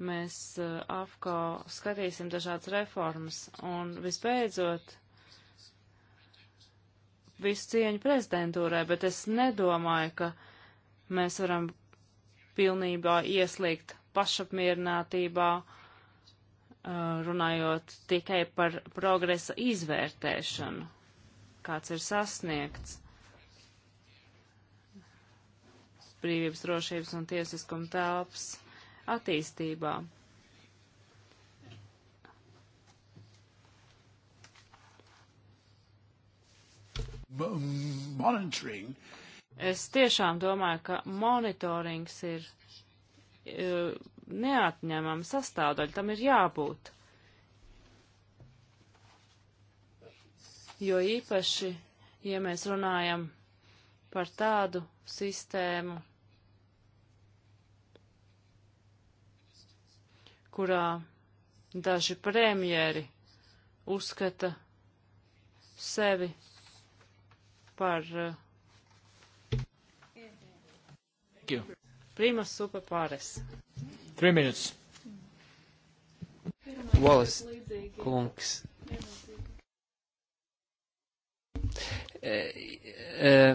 mēs uh, AFCO skatīsim dažādas reformas un visbeidzot visu cieņu prezidentūrai, bet es nedomāju, ka mēs varam pilnībā ieslīgt pašapmierinātībā Uh, runājot tikai par progresa izvērtēšanu, kāds ir sasniegts brīvības, drošības un tiesiskuma telpas attīstībā. Monitoring. Es tiešām domāju, ka monitorings ir uh, neatņemama sastāvdaļa, tam ir jābūt. Jo īpaši, ja mēs runājam par tādu sistēmu, kurā daži premjeri uzskata sevi par uh, primas super pāres. Three minutes. Valas kungs. Eh, eh,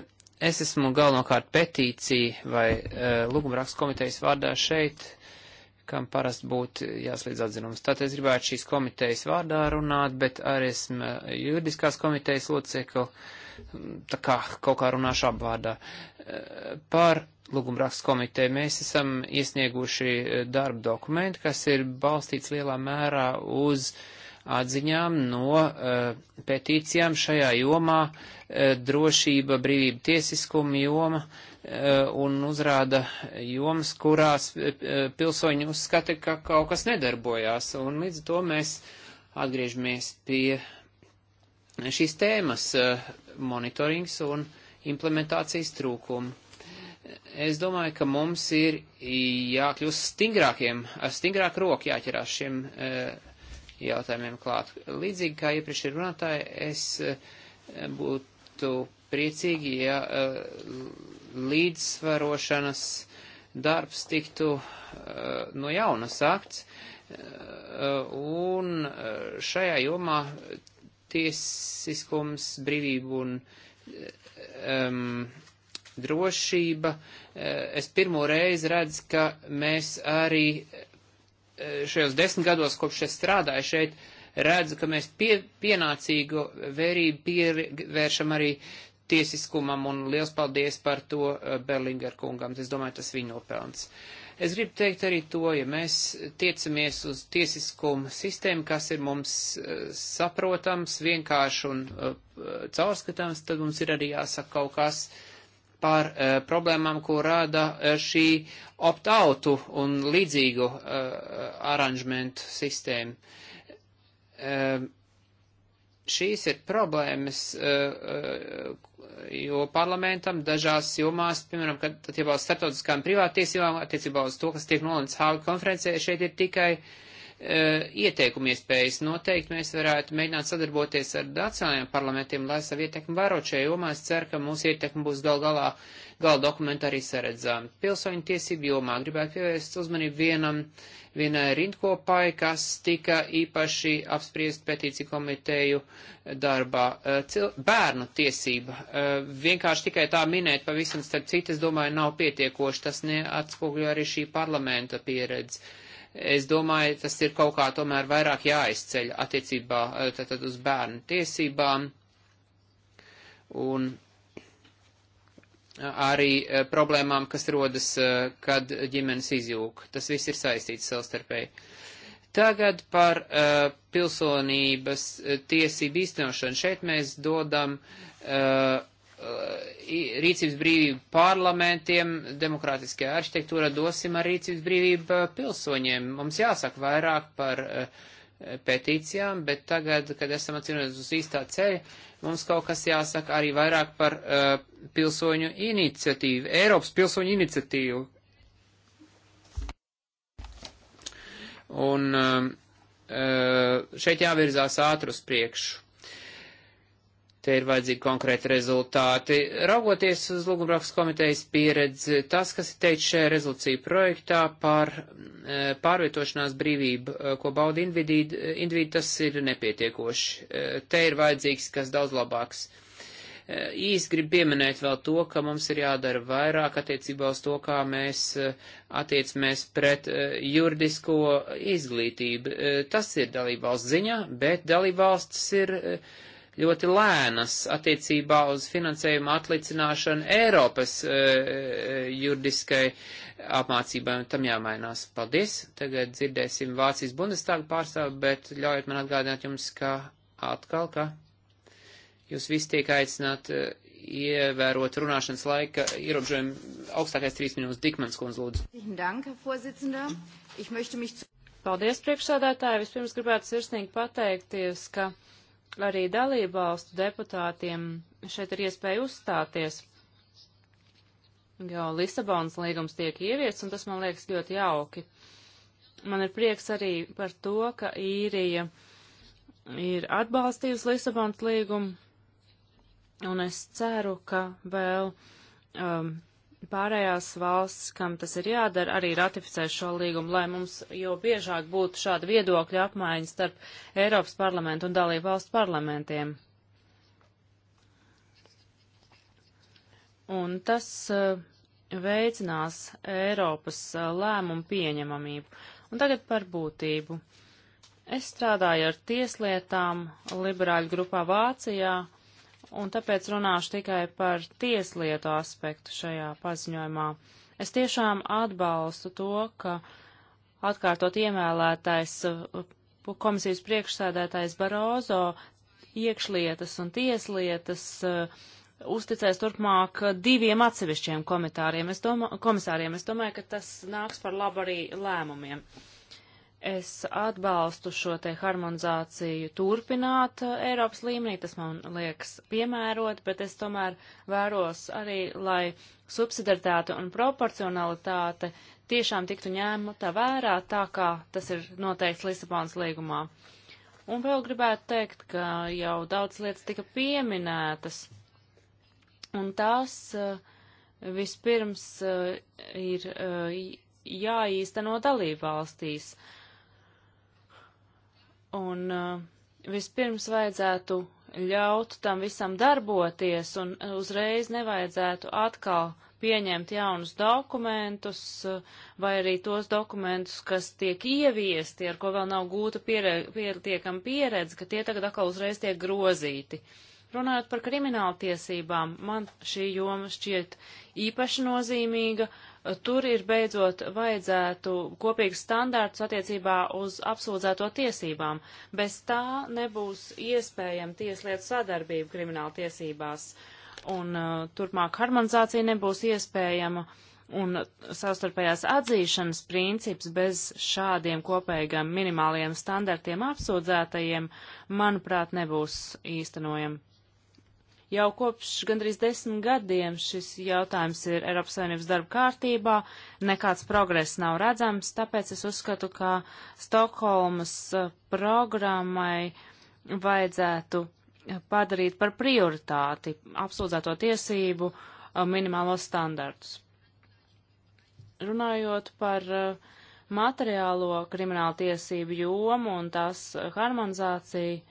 es esmu galvenokārt petīcija vai eh, lūgumrakstu komitejas vārdā šeit. Uh, kam parasti būtu jāslīdz atzinums. Tātad es gribētu šīs komitejas vārdā runāt, bet arī esmu juridiskās komitejas locekli, tā kā kaut kā runāšu apvārdā. Par lūgumrakstu komiteju mēs esam iesnieguši darba dokumentu, kas ir balstīts lielā mērā uz atziņām no uh, eh, pētīcijām šajā jomā, uh, drošība, brīvība, tiesiskuma joma. Uh, Eh, un uzrāda jomas, kurās eh, pilsoņi uzskata, ka kaut kas nedarbojās. Un līdz to mēs atgriežamies pie šīs tēmas eh, monitorings un implementācijas trūkumu. Es domāju, ka mums ir jākļūst stingrākiem, ar stingrāku roku jāķerās šiem jautājumiem klāt. Līdzīgi kā iepriekš ir runātāji, es būtu priecīgi, ja eh, līdzsvarošanas darbs tiktu eh, no jauna sākts. Eh, un šajā jomā tiesiskums, brīvība un um, drošība. Es pirmo reizi redzu, ka mēs arī šajos desmit gados, kopš es strādāju šeit, redzu, ka mēs pie, pienācīgu vērību pievēršam arī tiesiskumam un liels paldies par to eh, Berlinger kungam. Es domāju, tas viņa nopelns. Es gribu teikt arī to, ja mēs tiecamies uz tiesiskumu sistēmu, kas ir mums eh, saprotams, vienkārši un eh, caurskatāms, tad mums ir arī jāsaka kaut kas par uh, problēmām, ko rada uh, šī opt-outu un līdzīgu uh, aranžmentu sistēmu. Uh, šīs ir problēmas, eh, eh, jo parlamentam dažās jomās, piemēram, kad attiecībā uz starptautiskām privātiesībām, attiecībā uz to, kas tiek nolēmts Hāga konferencē, šeit ir tikai uh, Eh, ieteikumu iespējas. Noteikti mēs varētu mēģināt sadarboties ar nacionālajiem parlamentiem, lai savu ieteikumu vērot šajā jomā. Es ceru, ka mūsu ieteikumi būs gal galā, gala dokumentā arī saredzami. Pilsoņu tiesību jomā gribētu pievērst uzmanību vienam, vienai rindkopai, kas tika īpaši apspriest petīciju komiteju darbā. Eh, cil bērnu tiesība. Eh, vienkārši tikai tā minēt pavisam starp citu, es domāju, nav pietiekoši. Tas neatspogļo arī šī parlamenta pieredzi es domāju, tas ir kaut kā tomēr vairāk jāizceļ attiecībā tātad eh, uz bērnu tiesībām un arī eh, problēmām, kas rodas, eh, kad ģimenes izjūg. Tas viss ir saistīts savstarpēji. Tagad par uh, pilsonības tiesību īstenošanu. Šeit mēs dodam uh, Uh, rīcības brīvību parlamentiem, demokrātiskajā arhitektūrā dosim ar rīcības brīvību uh, pilsoņiem. Mums jāsaka vairāk par uh, pētīcijām, bet tagad, kad esam atcīmējot uz īstā ceļa, mums kaut kas jāsaka arī vairāk par uh, pilsoņu iniciatīvu, Eiropas pilsoņu iniciatīvu. Un um, uh, šeit jāvirzās ātrus priekšu te ir vajadzīgi konkrēti rezultāti. Raugoties uz Lūgumrakstu komitejas pieredzi, tas, kas ir teikts šajā rezolūcija projektā par e, pārvietošanās brīvību, e, ko bauda individu, individu, tas ir nepietiekoši. E, te ir vajadzīgs kas daudz labāks. Īsti grib pieminēt vēl to, ka mums ir jādara vairāk attiecībā uz to, kā mēs attiecamies pret juridisko izglītību. Tas ir dalībvalsts ziņa, bet dalībvalsts ir ļoti lēnas attiecībā uz finansējumu atlicināšanu Eiropas e, e, juridiskai apmācībai, un tam jāmainās. Paldies! Tagad dzirdēsim Vācijas Bundestāga pārstāvu, bet ļaujiet man atgādināt jums, ka atkal, ka jūs visi tiek aicināti e, ievērot runāšanas laika ierobežojumu augstākais trīs minūtes. Dikmans, kundz, lūdzu. Paldies, priekšsādātāji. Vispirms gribētu sirsnīgi pateikties, ka arī dalībvalstu deputātiem šeit ir iespēja uzstāties, jo Lisabonas līgums tiek ieviests, un tas man liekas ļoti jauki. Man ir prieks arī par to, ka īrija ir atbalstījusi Lisabonas līgumu, un es ceru, ka vēl um, Pārējās valsts, kam tas ir jādara, arī ratificē šo līgumu, lai mums jo biežāk būtu šāda viedokļa apmaiņa starp Eiropas parlamentu un dalību valstu parlamentiem. Un tas uh, veicinās Eiropas uh, lēmumu pieņemamību. Un tagad par būtību. Es strādāju ar tieslietām liberāļu grupā Vācijā un tāpēc runāšu tikai par tieslietu aspektu šajā paziņojumā. Es tiešām atbalstu to, ka atkārtot ievēlētais uh, komisijas priekšsēdētājs Barozo iekšlietas un tieslietas uh, uzticēs turpmāk diviem atsevišķiem komitāriem. Es domā, komisāriem. Es domāju, ka tas nāks par labu arī lēmumiem. Uh, Es atbalstu šo te harmonizāciju turpināt uh, Eiropas līmenī, tas man liekas piemērot, bet es tomēr vēros arī, lai subsidaritāte un proporcionalitāte tiešām tiktu ņēmta vērā tā, kā tas ir noteikts Lisabonas līgumā. Un vēl gribētu teikt, ka jau daudz lietas tika pieminētas, un tās uh, vispirms uh, ir jāīsteno dalību valstīs. Uh, Un uh, vispirms vajadzētu ļaut tam visam darboties un uzreiz nevajadzētu atkal pieņemt jaunus dokumentus uh, vai arī tos dokumentus, kas tiek ieviesti, ar ko vēl nav gūta piere, pietiekama pieredze, ka tie tagad atkal uzreiz tiek grozīti. Runājot par kriminālu tiesībām, man šī joma šķiet īpaši nozīmīga, tur ir beidzot vajadzētu kopīgs standārts attiecībā uz apsūdzēto tiesībām. Bez tā nebūs iespējama tieslietu sadarbība krimināla tiesībās, un uh, turpmāk harmonizācija nebūs iespējama. Un savstarpējās atzīšanas princips bez šādiem kopējiem minimāliem standartiem apsūdzētajiem, manuprāt, nebūs īstenojami. Jau kopš gandrīz desmit gadiem šis jautājums ir Eiropas Savienības darba kārtībā, nekāds progress nav redzams, tāpēc es uzskatu, ka Stokholmas eh, programmai vajadzētu eh, padarīt par prioritāti apsūdzēto tiesību eh, minimālos standartus. Runājot par materiālo kriminālu tiesību jomu un tās harmonizāciju,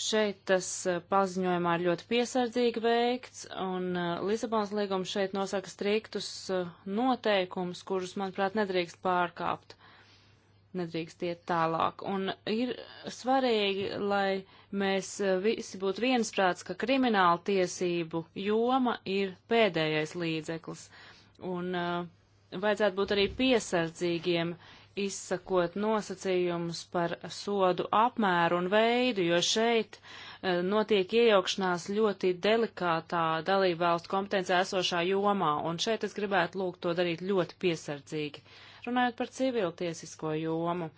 Šeit tas eh, paziņojumā ir ļoti piesardzīgi veikts, un eh, Lisabonas līgums šeit nosaka striktus eh, noteikumus, kurus, manuprāt, nedrīkst pārkāpt, nedrīkst iet tālāk. Un ir svarīgi, lai mēs visi būtu viensprāts, ka krimināla tiesību joma ir pēdējais līdzeklis, un vajadzētu būt arī piesardzīgiem, uh, izsakot nosacījumus par sodu apmēru un veidu, jo šeit uh, notiek iejaukšanās ļoti delikātā dalībvalstu kompetencē esošā jomā, un šeit es gribētu lūgt to darīt ļoti piesardzīgi. Runājot par civiltiesisko jomu,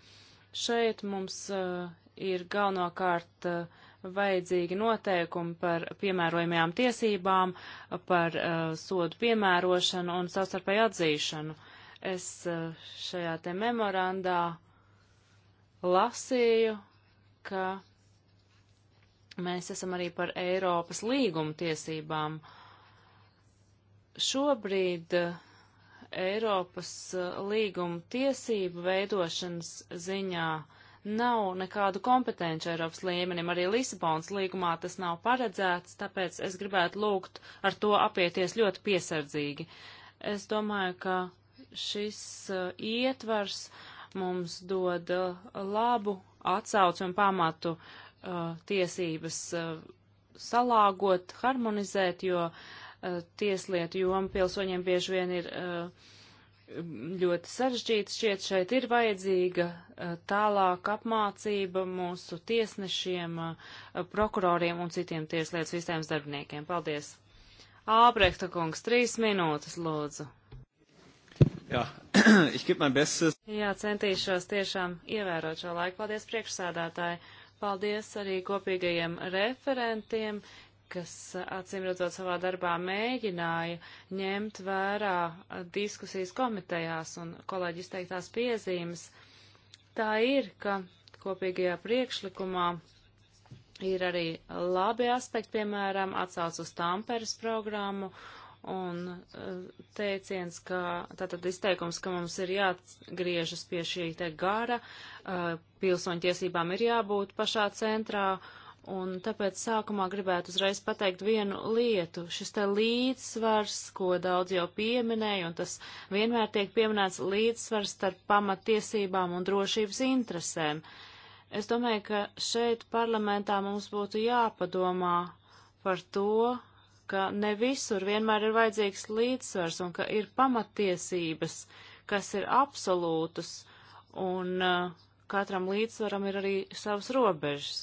šeit mums uh, ir galvenokārt uh, vajadzīgi noteikumi par piemērojamajām tiesībām, par uh, sodu piemērošanu un savstarpēju atzīšanu. Uh, Es eh, šajā te memorandā lasīju, ka mēs esam arī par Eiropas līguma tiesībām. Šobrīd eh, Eiropas eh, līguma tiesību veidošanas ziņā nav nekādu kompetenci Eiropas līmenim, arī Lisabonas līgumā tas nav paredzēts, tāpēc es gribētu lūgt ar to apieties ļoti piesardzīgi. Es domāju, ka šis uh, ietvars mums dod uh, labu atsauci un pamatu uh, tiesības salāgot, harmonizēt, jo tieslietu joma pilsoņiem bieži vien ir ļoti sarežģīta. Šķiet, šeit ir vajadzīga tālāka apmācība mūsu tiesnešiem, prokuroriem un citiem tieslietu sistēmas darbiniekiem. Paldies! Ābrekta kungs, trīs minūtes lūdzu. Jā, ich gebe mein bestes. Jā, centīšos tiešām ievērot šo laiku. Paldies priekšsādātāji. Paldies arī kopīgajiem referentiem, kas acīmredzot savā darbā mēģināja ņemt vērā diskusijas komitejās un kolēģi izteiktās piezīmes. Tā ir, ka kopīgajā priekšlikumā ir arī labi aspekti, piemēram, atsauc uz Tamperes programmu un eh, teiciens, ka tātad izteikums, ka mums ir jāatgriežas pie šī te gara, eh, pilsoņu tiesībām ir jābūt pašā centrā, un tāpēc sākumā gribētu uzreiz pateikt vienu lietu. Šis te līdzsvars, ko daudz jau pieminēja, un tas vienmēr tiek pieminēts līdzsvars starp pamatiesībām un drošības interesēm. Es domāju, ka šeit parlamentā mums būtu jāpadomā par to, ka ne visur vienmēr ir vajadzīgs līdzsvars un ka ir pamatiesības, kas ir absolūtas, un uh, katram līdzsvaram ir arī savas robežas.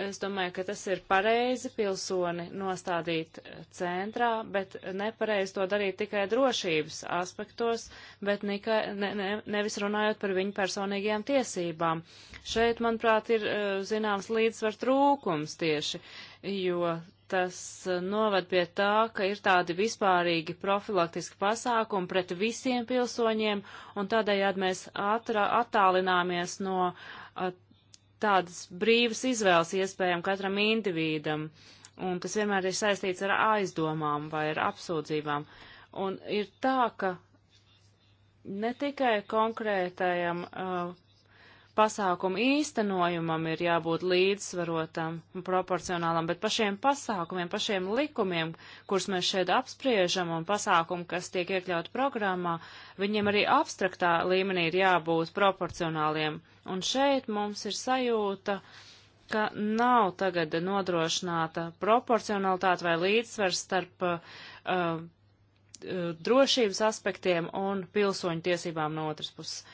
Es domāju, ka tas ir pareizi pilsoni nostādīt centrā, bet nepareizi to darīt tikai drošības aspektos, bet nika, ne, ne, nevis runājot par viņu personīgajām tiesībām. Šeit, manuprāt, ir e, zināms līdzsvar trūkums tieši, jo tas e, novad pie tā, ka ir tādi vispārīgi profilaktiski pasākumi pret visiem pilsoņiem, un tādējādi mēs attālināmies no tādas brīvas izvēles iespējām katram individam, un tas vienmēr ir saistīts ar aizdomām vai ar apsūdzībām. Un ir tā, ka ne tikai konkrētajam uh, pasākumu īstenojumam ir jābūt līdzsvarotam un proporcionālam, bet pašiem pasākumiem, pašiem likumiem, kurus mēs šeit apspriežam un pasākumu, kas tiek iekļaut programmā, viņiem arī abstraktā līmenī ir jābūt proporcionāliem. Un šeit mums ir sajūta, ka nav tagad nodrošināta proporcionalitāte vai līdzsvars starp uh, uh drošības aspektiem un pilsoņu tiesībām no otras puses.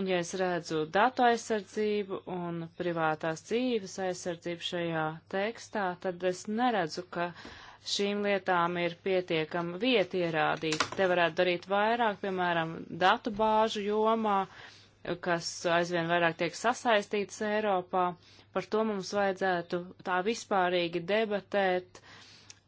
Un ja es redzu datu aizsardzību un privātās dzīves aizsardzību šajā tekstā, tad es neredzu, ka šīm lietām ir pietiekama vieta ierādīt. Te varētu darīt vairāk, piemēram, datu bāžu jomā, kas aizvien vairāk tiek sasaistītas Eiropā. Par to mums vajadzētu tā vispārīgi debatēt uh,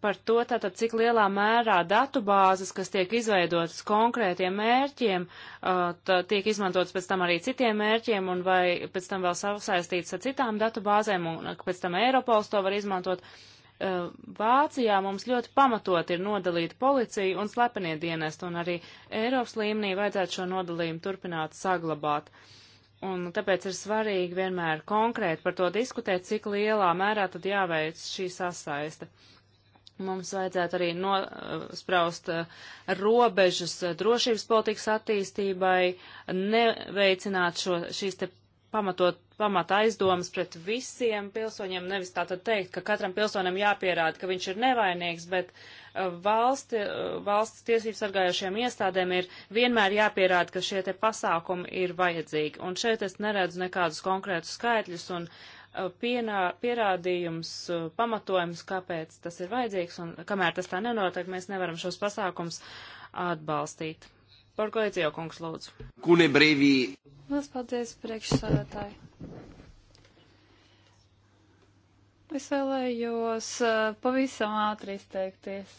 par to, tātad, cik lielā mērā datubāzes, kas tiek izveidotas konkrētiem mērķiem, uh, tā, tiek izmantotas pēc tam arī citiem mērķiem un vai pēc tam vēl sasaistītas ar citām datubāzēm un pēc tam Eiropols to var izmantot. Uh, Vācijā mums ļoti pamatot ir nodalīta policija un slepenie dienesti, un arī Eiropas līmenī vajadzētu šo nodalījumu turpināt saglabāt. Un tāpēc ir svarīgi vienmēr konkrēti par to diskutēt, cik lielā mērā tad jāveic šī sasaiste. Uh, Mums vajadzētu arī nospraust eh, robežas eh, drošības politikas attīstībai, neveicināt šo, šīs te pamatot, pamata aizdomas pret visiem pilsoņiem, nevis tā tad teikt, ka katram pilsonim jāpierāda, ka viņš ir nevainīgs, bet eh, valsti, valsts tiesības sargājušiem iestādēm ir vienmēr jāpierāda, ka šie te pasākumi ir vajadzīgi. Un šeit es neredzu nekādus konkrētus skaitļus un Uh, pienā, pierādījums, uh, pamatojums, kāpēc tas ir vajadzīgs, un kamēr tas tā nenotiek, mēs nevaram šos pasākums atbalstīt. Porkoēcijo kungs, lūdzu. Kune brīvī. Lielas paldies, priekšsādātāji. Es vēlējos uh, pavisam ātri izteikties.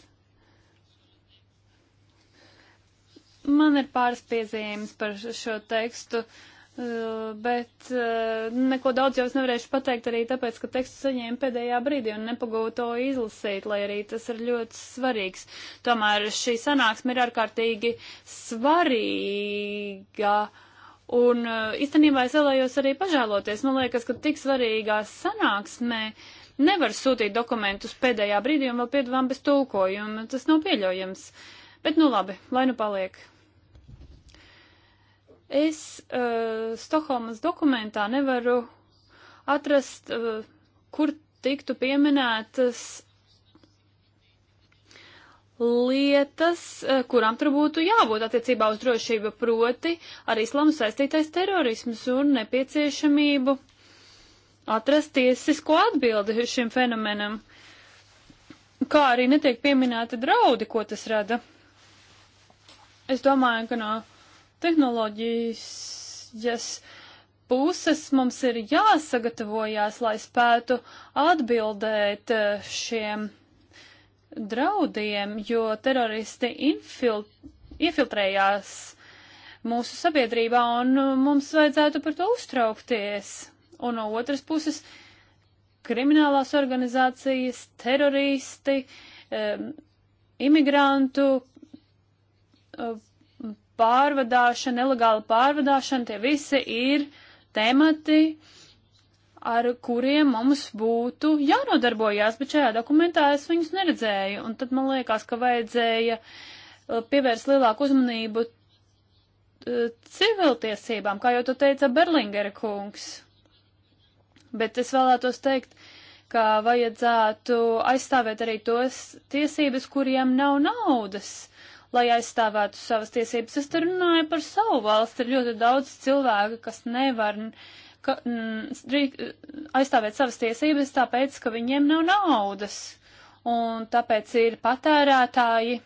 Man ir pāris piezīmes par šo tekstu. Uh, Eh, bet eh, neko daudz jau es nevarēšu pateikt arī tāpēc, ka tekstu saņēmu pēdējā brīdī un nepagūtu to izlasīt, lai arī tas ir ļoti svarīgs. Tomēr šī sanāksme ir ārkārtīgi svarīga. Un eh, īstenībā es vēlējos arī pažēloties. Man liekas, ka tik svarīgā sanāksmē nevar sūtīt dokumentus pēdējā brīdī un vēl piedāvām bez tulkojuma. Tas nav pieļaujams. Bet nu labi, lai nu paliek es uh, Stokholmas dokumentā nevaru atrast, uh, kur tiktu pieminētas lietas, uh, kurām tur būtu jābūt attiecībā uz drošību, proti ar islamu saistītais terorisms un nepieciešamību atrast tiesisko atbildi šim fenomenam, kā arī netiek pieminēti draudi, ko tas rada. Es domāju, ka no. Uh, tehnoloģijas puses mums ir jāsagatavojās, lai spētu atbildēt eh, šiem draudiem, jo teroristi infilt, iefiltrējās mūsu sabiedrībā un mums vajadzētu par to uztraukties. Un no otras puses, kriminālās organizācijas, teroristi, um, imigrantu um, pārvadāšana, nelegāla pārvadāšana, tie visi ir temati, ar kuriem mums būtu jānodarbojās, bet šajā dokumentā es viņus neredzēju. Un tad man liekas, ka vajadzēja uh, pievērst lielāku uzmanību uh, civiltiesībām, kā jau to teica Berlingera kungs. Bet es vēlētos teikt, ka vajadzētu aizstāvēt arī tos tiesības, kuriem nav naudas lai aizstāvētu savas tiesības. Es te runāju par savu valsti. Ir ļoti daudz cilvēku, kas nevar ka, mm, aizstāvēt savas tiesības, tāpēc, ka viņiem nav naudas. Un tāpēc ir patērētāji,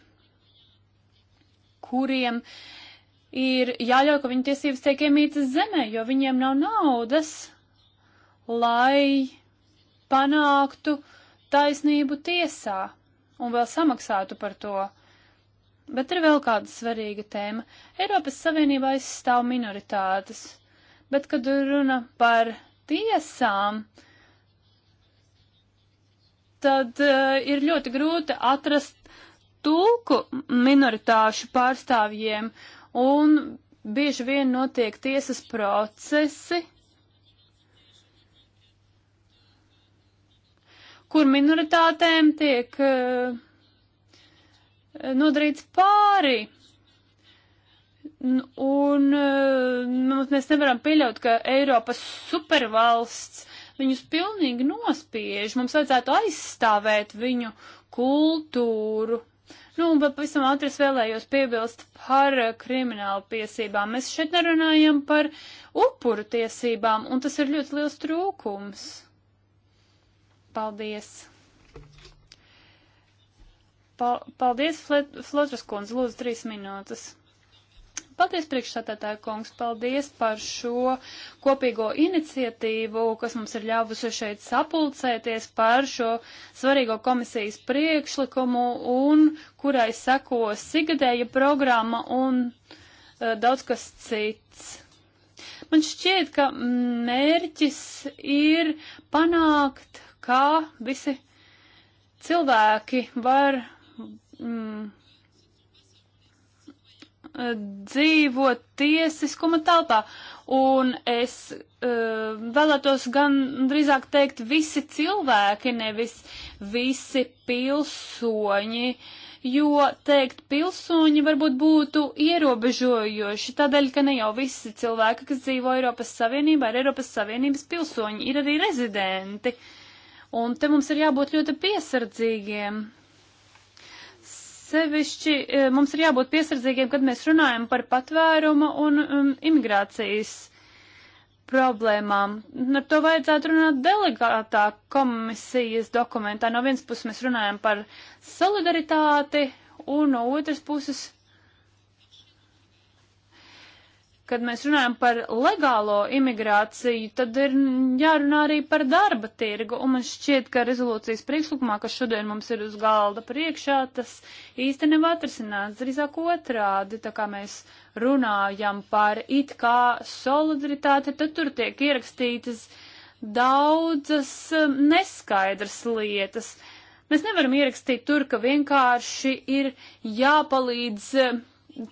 kuriem ir jāļauj, ka viņu tiesības tiek iemītas zemē, jo viņiem nav naudas, lai panāktu taisnību tiesā un vēl samaksātu par to. Bet ir vēl kāda svarīga tēma. Eiropas Savienībā aizstāv minoritātes, bet, kad runa par tiesām, tad uh, ir ļoti grūti atrast tulku minoritāšu pārstāvjiem, un bieži vien notiek tiesas procesi, kur minoritātēm tiek uh, nodarīts pāri. Un eh, nu, mēs nevaram pieļaut, ka Eiropas supervalsts viņus pilnīgi nospiež. Mums vajadzētu aizstāvēt viņu kultūru. Nu, un pavisam ātri vēlējos piebilst par kriminālu tiesībām. Mēs šeit nerunājam par upuru tiesībām, un tas ir ļoti liels trūkums. Paldies! Paldies, Flotras kundze, lūdzu, trīs minūtes. Paldies, priekšsatātāja kungs, paldies par šo kopīgo iniciatīvu, kas mums ir ļāvusi šeit sapulcēties par šo svarīgo komisijas priekšlikumu un kurai seko sigadēja programma un uh, daudz kas cits. Man šķiet, ka mērķis ir panākt, kā visi cilvēki var mm, dzīvo tiesiskuma telpā. Un es uh, vēlētos gan drīzāk teikt visi cilvēki, nevis visi pilsoņi, jo teikt pilsoņi varbūt būtu ierobežojoši, tādēļ, ka ne jau visi cilvēki, kas dzīvo Eiropas Savienībā, ir Eiropas Savienības pilsoņi, ir arī rezidenti. Un te mums ir jābūt ļoti piesardzīgiem sevišķi eh, mums ir jābūt piesardzīgiem, kad mēs runājam par patvērumu un um, imigrācijas problēmām. Ar to vajadzētu runāt delegātā komisijas dokumentā. No vienas puses mēs runājam par solidaritāti, un no otras puses kad mēs runājam par legālo imigrāciju, tad ir jārunā arī par darba tirgu, un man šķiet, ka rezolūcijas priekšlikumā, kas šodien mums ir uz galda priekšā, tas īsti nav atrasināts, drīzāk otrādi, tā kā mēs runājam par it kā solidaritāti, tad tur tiek ierakstītas daudzas um, neskaidras lietas. Mēs nevaram ierakstīt tur, ka vienkārši ir jāpalīdz um,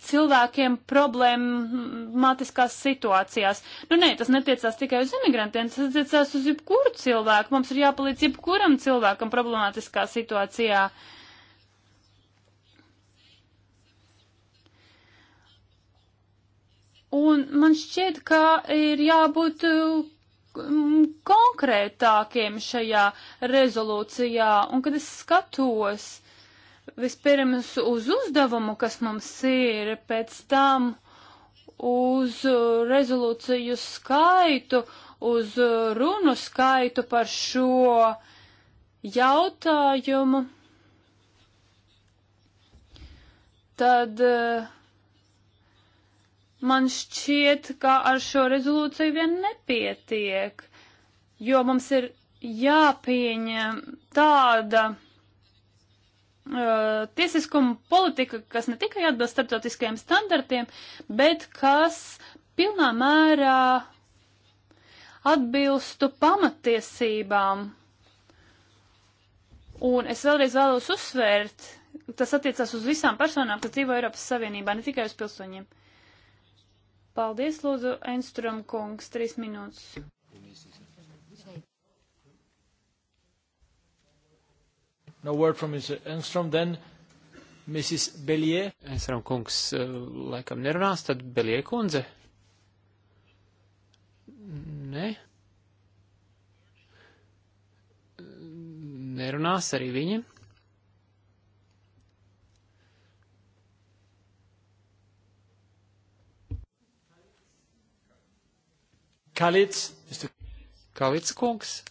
cilvēkiem problemātiskās situācijās. Nu, nē, tas netiecās tikai uz imigrantiem, tas attiecās uz jebkuru cilvēku. Mums ir jāpalīdz jebkuram cilvēkam problemātiskā situācijā. Un man šķiet, ka ir jābūt mm, konkrētākiem šajā rezolūcijā. Un kad es skatos, vispirms uz uzdevumu, kas mums ir, pēc tam uz rezolūciju skaitu, uz runu skaitu par šo jautājumu. Tad eh, man šķiet, ka ar šo rezolūciju vien nepietiek, jo mums ir jāpieņem tāda Eh, tiesiskuma politika, kas ne tikai atbilst starptautiskajiem standartiem, bet kas pilnā mērā atbilstu pamatiesībām. Un es vēlreiz vēlos uzsvērt, tas attiecās uz visām personām, kas dzīvo Eiropas Savienībā, ne tikai uz pilsoņiem. Paldies, lūdzu, Enstrom kungs, trīs minūtes. No word from Mr. Engstrom, then Mrs. Belie. Engstrom kungs eh, laikam nerunās, tad Belie kundze. Nē. Nerunās arī viņa. Kalits. Kalits kungs.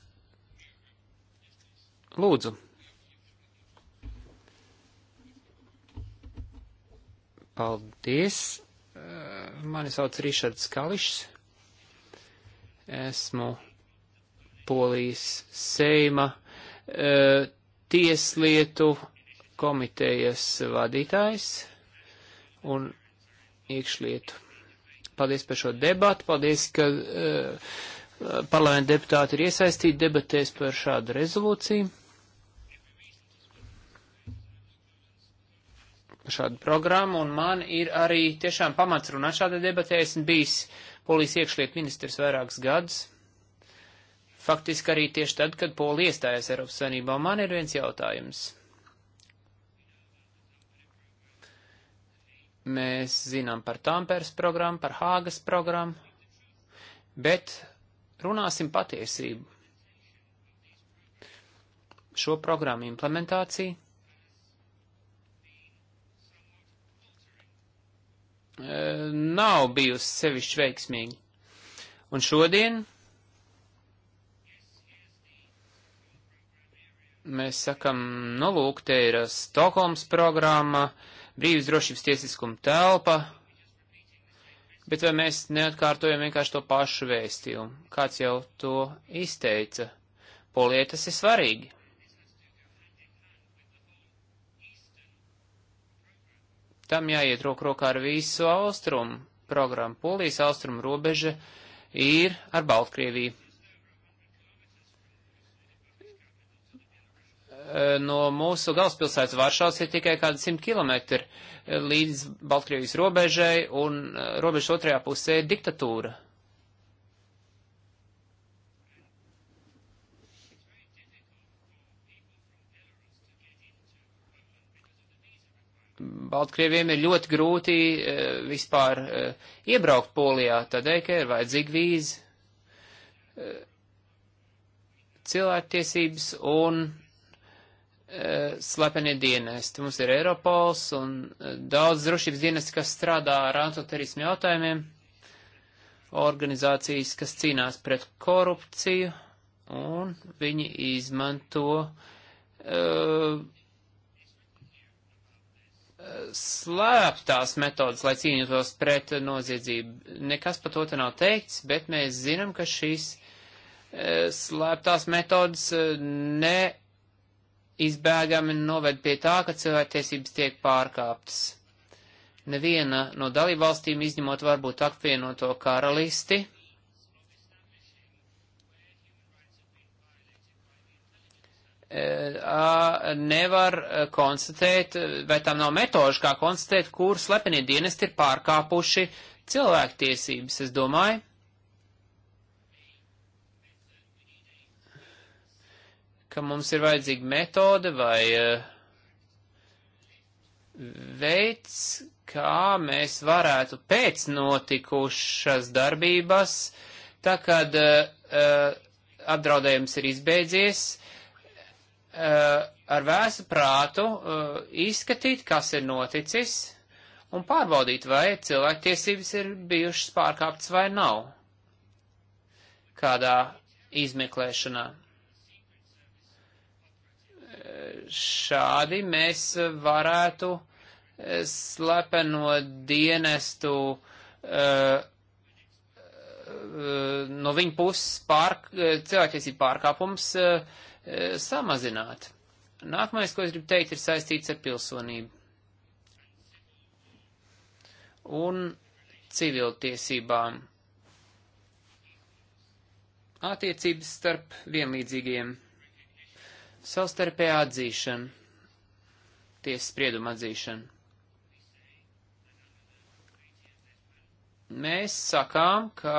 Lūdzu. Paldies! Uh, mani sauc Rišards Kališs. Esmu Polijas Seima uh, tieslietu komitejas vadītājs un iekšlietu. Paldies par šo debatu, paldies, ka uh, parlamenta deputāti ir iesaistīti debatēs par šādu rezolūciju. šādu programmu, un man ir arī tiešām pamats runāt šāda debatē. Esmu bijis polijas iekšliet ministrs vairākus gadus. Faktiski arī tieši tad, kad Polija iestājās Eiropas Savienībā, man ir viens jautājums. Mēs zinām par Tāmpēras programmu, par Hāgas programmu, bet runāsim patiesību. Šo programmu implementāciju nav bijusi sevišķi veiksmīga. Un šodien mēs sakam, nu lūk, te ir uh, Stokholmas programma, brīvs drošības tiesiskuma telpa, bet vai mēs neatkārtojam vienkārši to pašu vēstījumu, kāds jau to izteica. Polietās ir svarīgi. Tam jāiet roku rokā ar visu austrumu programmu. Polijas austrumu robeža ir ar Baltkrieviju. E, no mūsu galvaspilsētas Varšavas ir tikai kādi 100 km līdz Baltkrievijas robežai, un e, robežas otrajā pusē ir diktatūra. Baltkrieviem ir ļoti grūti e, vispār e, iebraukt Polijā, tādēļ, ka ir vajadzīga vīza, e, cilvēktiesības un slepenie dienesti. Mums ir Eiropols un daudz drošības dienesti, kas strādā ar antoterismu jautājumiem, organizācijas, kas cīnās pret korupciju, un viņi izmanto uh, slēptās metodas, lai cīnītos pret noziedzību. Nekas par to te nav teikts, bet mēs zinām, ka šīs e, slēptās metodas e, neizbēgami noved pie tā, ka cilvēktiesības tiek pārkāptas. Neviena no dalībvalstīm, izņemot varbūt apvienoto karalisti, E, nevar e, konstatēt, e, vai tam nav metožu, kā konstatēt, kur slepenie dienesti ir pārkāpuši cilvēktiesības, es domāju. ka mums ir vajadzīga metode vai veids, kā mēs varētu pēc notikušas darbības, tā kad uh, apdraudējums ir izbeidzies, uh, Eh, ar vēsu prātu eh, izskatīt, kas ir noticis, un pārbaudīt, vai cilvēktiesības ir bijušas pārkāptas vai nav kādā izmeklēšanā. Eh, šādi mēs varētu slepeno dienestu uh, no viņa puses pār, cilvēktiesību pārkāpums uh, E, samazināt. Nākamais, ko es gribu teikt, ir saistīts ar pilsonību un civiltiesībām. Attiecības starp vienlīdzīgiem, savstarpējā atzīšana, tiesas sprieduma atzīšana. Mēs sakām, ka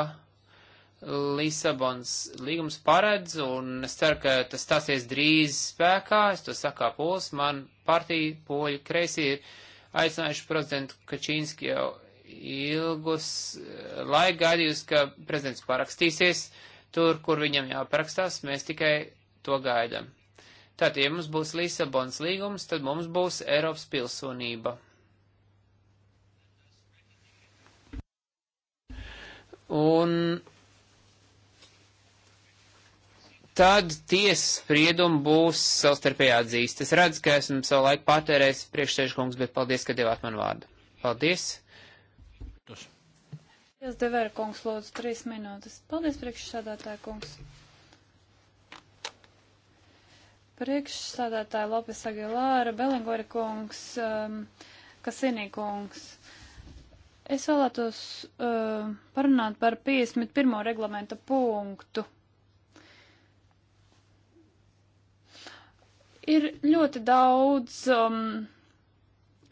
Lisabons līgums paredz, un es ceru, ka tas stāsies drīz spēkā, es to sakā pūls, man partija poļu kreisī ir aicinājuši prezidentu Kačīnski jau ilgus eh, laiku gaidījusi, ka prezidents parakstīsies tur, kur viņam jāparakstās, mēs tikai to gaidam. Tātad, ja mums būs Lisabons līgums, tad mums būs Eiropas pilsonība. Un tad tiesas spriedumi būs savstarpēji atzīst. Es redzu, ka esmu savu laiku patērējis priekšsēžkungs, bet paldies, ka devāt man vārdu. Paldies. Jūs devēra kungs, lūdzu, trīs minūtes. Paldies, priekšsādātāja kungs. Priekšsādātāja Lopes Agilāra, Belingori kungs, um, Kasinī kungs. Es vēlētos uh, parunāt par 51. reglamenta punktu Ir ļoti daudz um,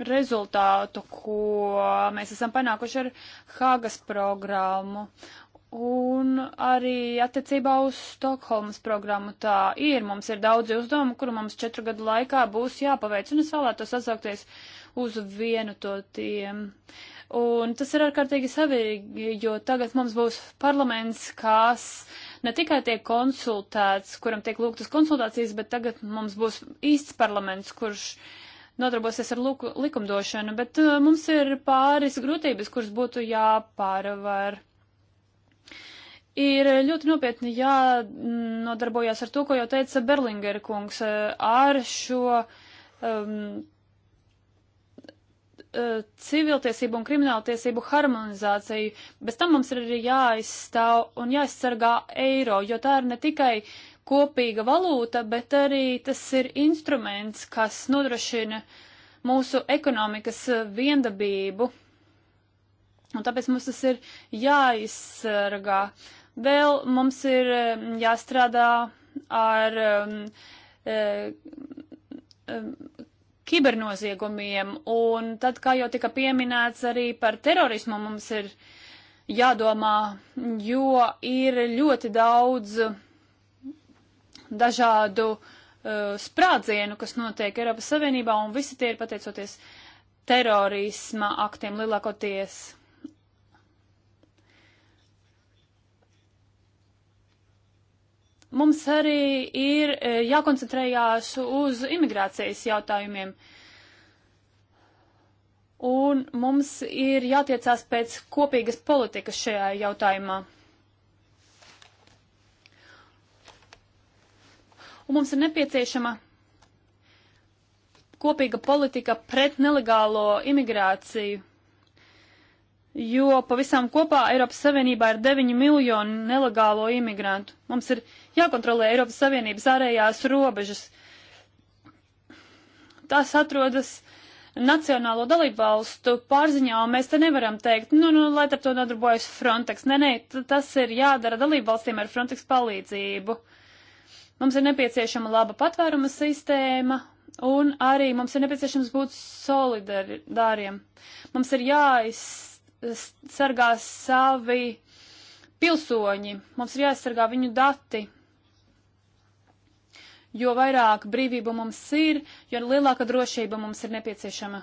rezultātu, ko mēs esam panākuši ar Hāgas programmu. Un arī attiecībā uz Stokholmas programmu tā ir. Mums ir daudzi uzdevumi, kuru mums četru gadu laikā būs jāpaveic, un es vēlētos atsaukties uz vienu to tiem. Un tas ir ārkārtīgi savīgi, jo tagad mums būs parlaments, kas uh, ne tikai tiek konsultēts, kuram tiek lūgtas konsultācijas, bet tagad mums būs īsts parlaments, kurš nodarbosies ar luku, likumdošanu, bet uh, mums ir pāris grūtības, kuras būtu jāpārvar. Ir ļoti nopietni jānodarbojas ar to, ko jau teica Berlingera kungs, uh, ar šo um, Eh, civiltiesību un krimināltiesību harmonizāciju. Bez tam mums ir arī jāizstāv un jāizsargā eiro, jo tā ir ne tikai kopīga valūta, bet arī tas ir instruments, kas nodrošina mūsu ekonomikas eh, viendabību. Un tāpēc mums tas ir jāizsargā. Vēl mums ir eh, jāstrādā ar um, um, kibernoziegumiem, un tad, kā jau tika pieminēts, arī par terorismu mums ir jādomā, jo ir ļoti daudz dažādu uh, sprādzienu, kas notiek Eiropas Savienībā, un visi tie ir pateicoties terorisma aktiem lielākoties. Mums arī ir e, jākoncentrējās uz imigrācijas jautājumiem. Un mums ir jātiecās pēc kopīgas politikas šajā jautājumā. Un mums ir nepieciešama kopīga politika pret nelegālo imigrāciju jo pavisam kopā Eiropas Savienībā ir 9 miljoni nelegālo imigrantu. Mums ir jākontrolē Eiropas Savienības ārējās robežas. Tas atrodas nacionālo dalībvalstu pārziņā, un mēs te nevaram teikt, nu, nu, lai ar to nodarbojas Frontex. Nē, nē, tas ir jādara dalībvalstīm ar Frontex palīdzību. Mums ir nepieciešama laba patvēruma sistēma, un arī mums ir nepieciešams būt solidāriem. Mums ir jāiz sargās savi pilsoņi, mums ir jāaizsargā viņu dati. Jo vairāk brīvību mums ir, jo lielāka drošība mums ir nepieciešama.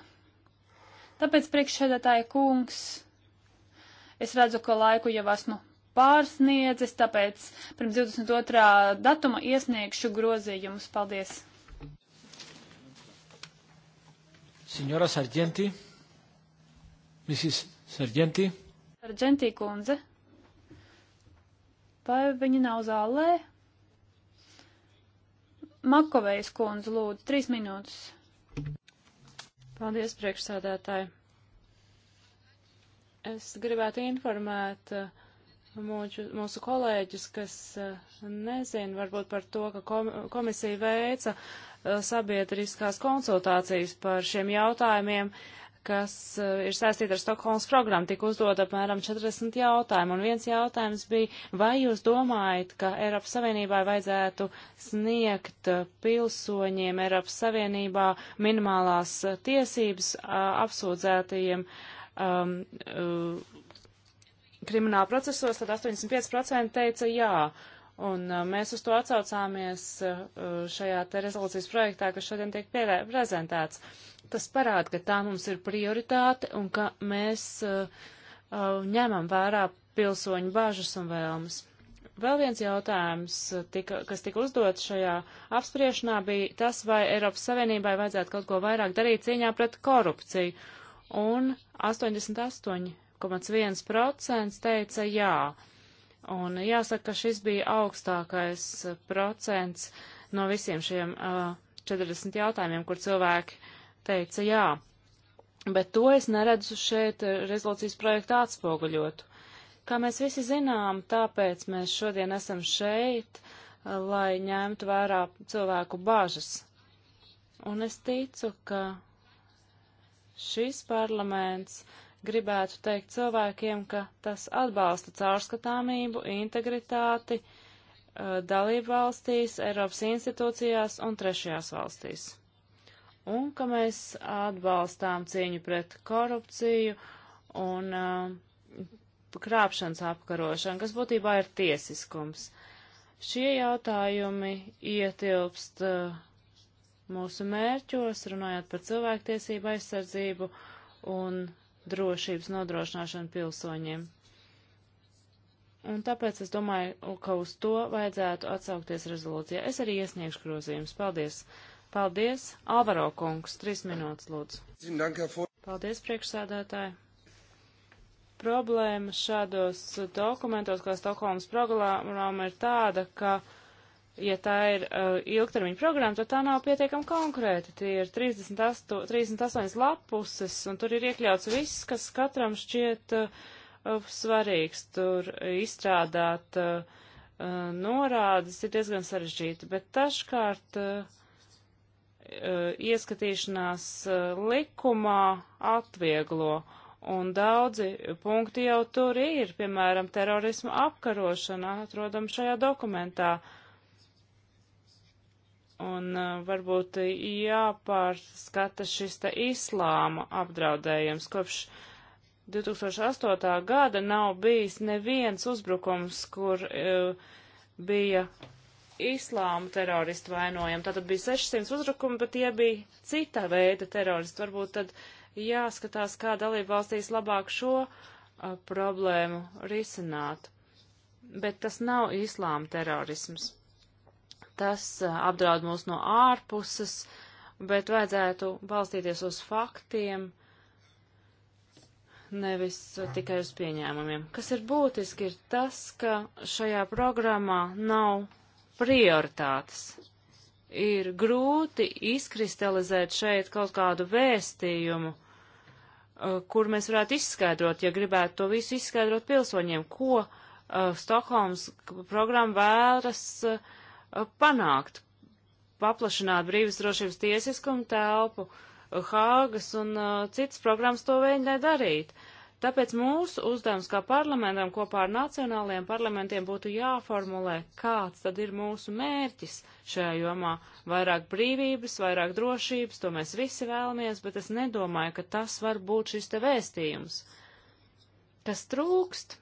Tāpēc priekšsēdētāja kungs, es redzu, ka laiku jau esmu pārsniedzis, tāpēc pirms 22. datuma iesniegšu grozījumus. Paldies! Signora Sargenti, Mrs. Sargentī. Sargentī kundze. Vai viņa nav zālē? Makovejas kundze, lūdzu, trīs minūtes. Paldies, priekšsādātāji. Es gribētu informēt uh, mūču, mūsu kolēģus, kas uh, nezin varbūt par to, ka komisija veica uh, sabiedriskās konsultācijas par šiem jautājumiem. Uh, kas eh, ir saistīta ar Stokholmas programmu, tika uzdot apmēram 40 jautājumu, un viens jautājums bija, vai jūs domājat, ka Eiropas Savienībā vajadzētu sniegt eh, pilsoņiem Eiropas Savienībā minimālās eh, tiesības apsūdzētajiem um, krimināla procesos, tad 85% teica jā. Uh, Un a, uh, mēs uz to atsaucāmies a, uh, šajā te rezolūcijas projektā, kas šodien tiek prezentēts. Tas parāda, ka tā mums ir prioritāte un ka mēs a, uh, ņemam vērā pilsoņu bažas un vēlmes. Vēl viens jautājums, tika, kas tika uzdots šajā apspriešanā, bija tas, vai Eiropas Savienībai vajadzētu kaut ko vairāk darīt cīņā pret korupciju. Un 88,1% teica jā. Un jāsaka, ka šis bija augstākais eh, procents no visiem šiem uh, eh, 40 jautājumiem, kur cilvēki teica jā. Bet to es neredzu šeit eh, rezolūcijas projektu atspoguļotu. Kā mēs visi zinām, tāpēc mēs šodien esam šeit, lai ņemtu vērā cilvēku bažas. Un es ticu, ka šis parlaments gribētu teikt cilvēkiem, ka tas atbalsta caurskatāmību, integritāti uh, dalību valstīs, Eiropas institūcijās un trešajās valstīs. Un ka mēs atbalstām cīņu pret korupciju un uh, krāpšanas apkarošanu, kas būtībā ir tiesiskums. Šie jautājumi ietilpst uh, mūsu mērķos, runājot par cilvēktiesību aizsardzību un drošības nodrošināšanu pilsoņiem. Un tāpēc es domāju, ka uz to vajadzētu atsaukties rezolūcijā. Es arī iesniegšu grozījumus. Paldies! Paldies! Alvaro kungs, trīs minūtes lūdzu. Paldies, priekšsēdētāji! Problēma šādos dokumentos, kā Stokholmas programma, ir tāda, ka ja tā ir uh, ilgtermiņa programma, tad tā nav pietiekami konkrēta. Tie ir 38, 38 lapuses, un tur ir iekļauts viss, kas katram šķiet uh, uh svarīgs. Tur izstrādāt uh, norādes ir diezgan sarežģīti, bet taškārt uh, uh, ieskatīšanās uh, likumā atvieglo. Un daudzi punkti jau tur ir, piemēram, terorisma apkarošana atrodam šajā dokumentā. Uh, un uh, varbūt jāpārskata šis te islāma apdraudējums. Kopš 2008. gada nav bijis neviens uzbrukums, kur uh, bija islāma teroristi vainojami. Tātad bija 600 uzbrukumi, bet tie bija cita veida teroristi. Varbūt tad jāskatās, kā dalība valstīs labāk šo uh, problēmu risināt. Bet tas nav islāma terorisms tas eh, apdraud mūs no ārpuses, bet vajadzētu balstīties uz faktiem, nevis tikai uz pieņēmumiem. Kas ir būtiski, ir tas, ka šajā programmā nav prioritātes. Ir grūti izkristalizēt šeit kaut kādu vēstījumu, eh, kur mēs varētu izskaidrot, ja gribētu to visu izskaidrot pilsoņiem, ko uh, Stokholmas programma vēlas uh, panākt, paplašināt brīvas drošības tiesiskumu telpu, Hāgas un uh, citas programmas to mēģināja darīt. Tāpēc mūsu uzdevums kā parlamentam kopā ar nacionālajiem parlamentiem būtu jāformulē, kāds tad ir mūsu mērķis šajā jomā. Vairāk brīvības, vairāk drošības, to mēs visi vēlamies, bet es nedomāju, ka tas var būt šis te vēstījums. Kas trūkst?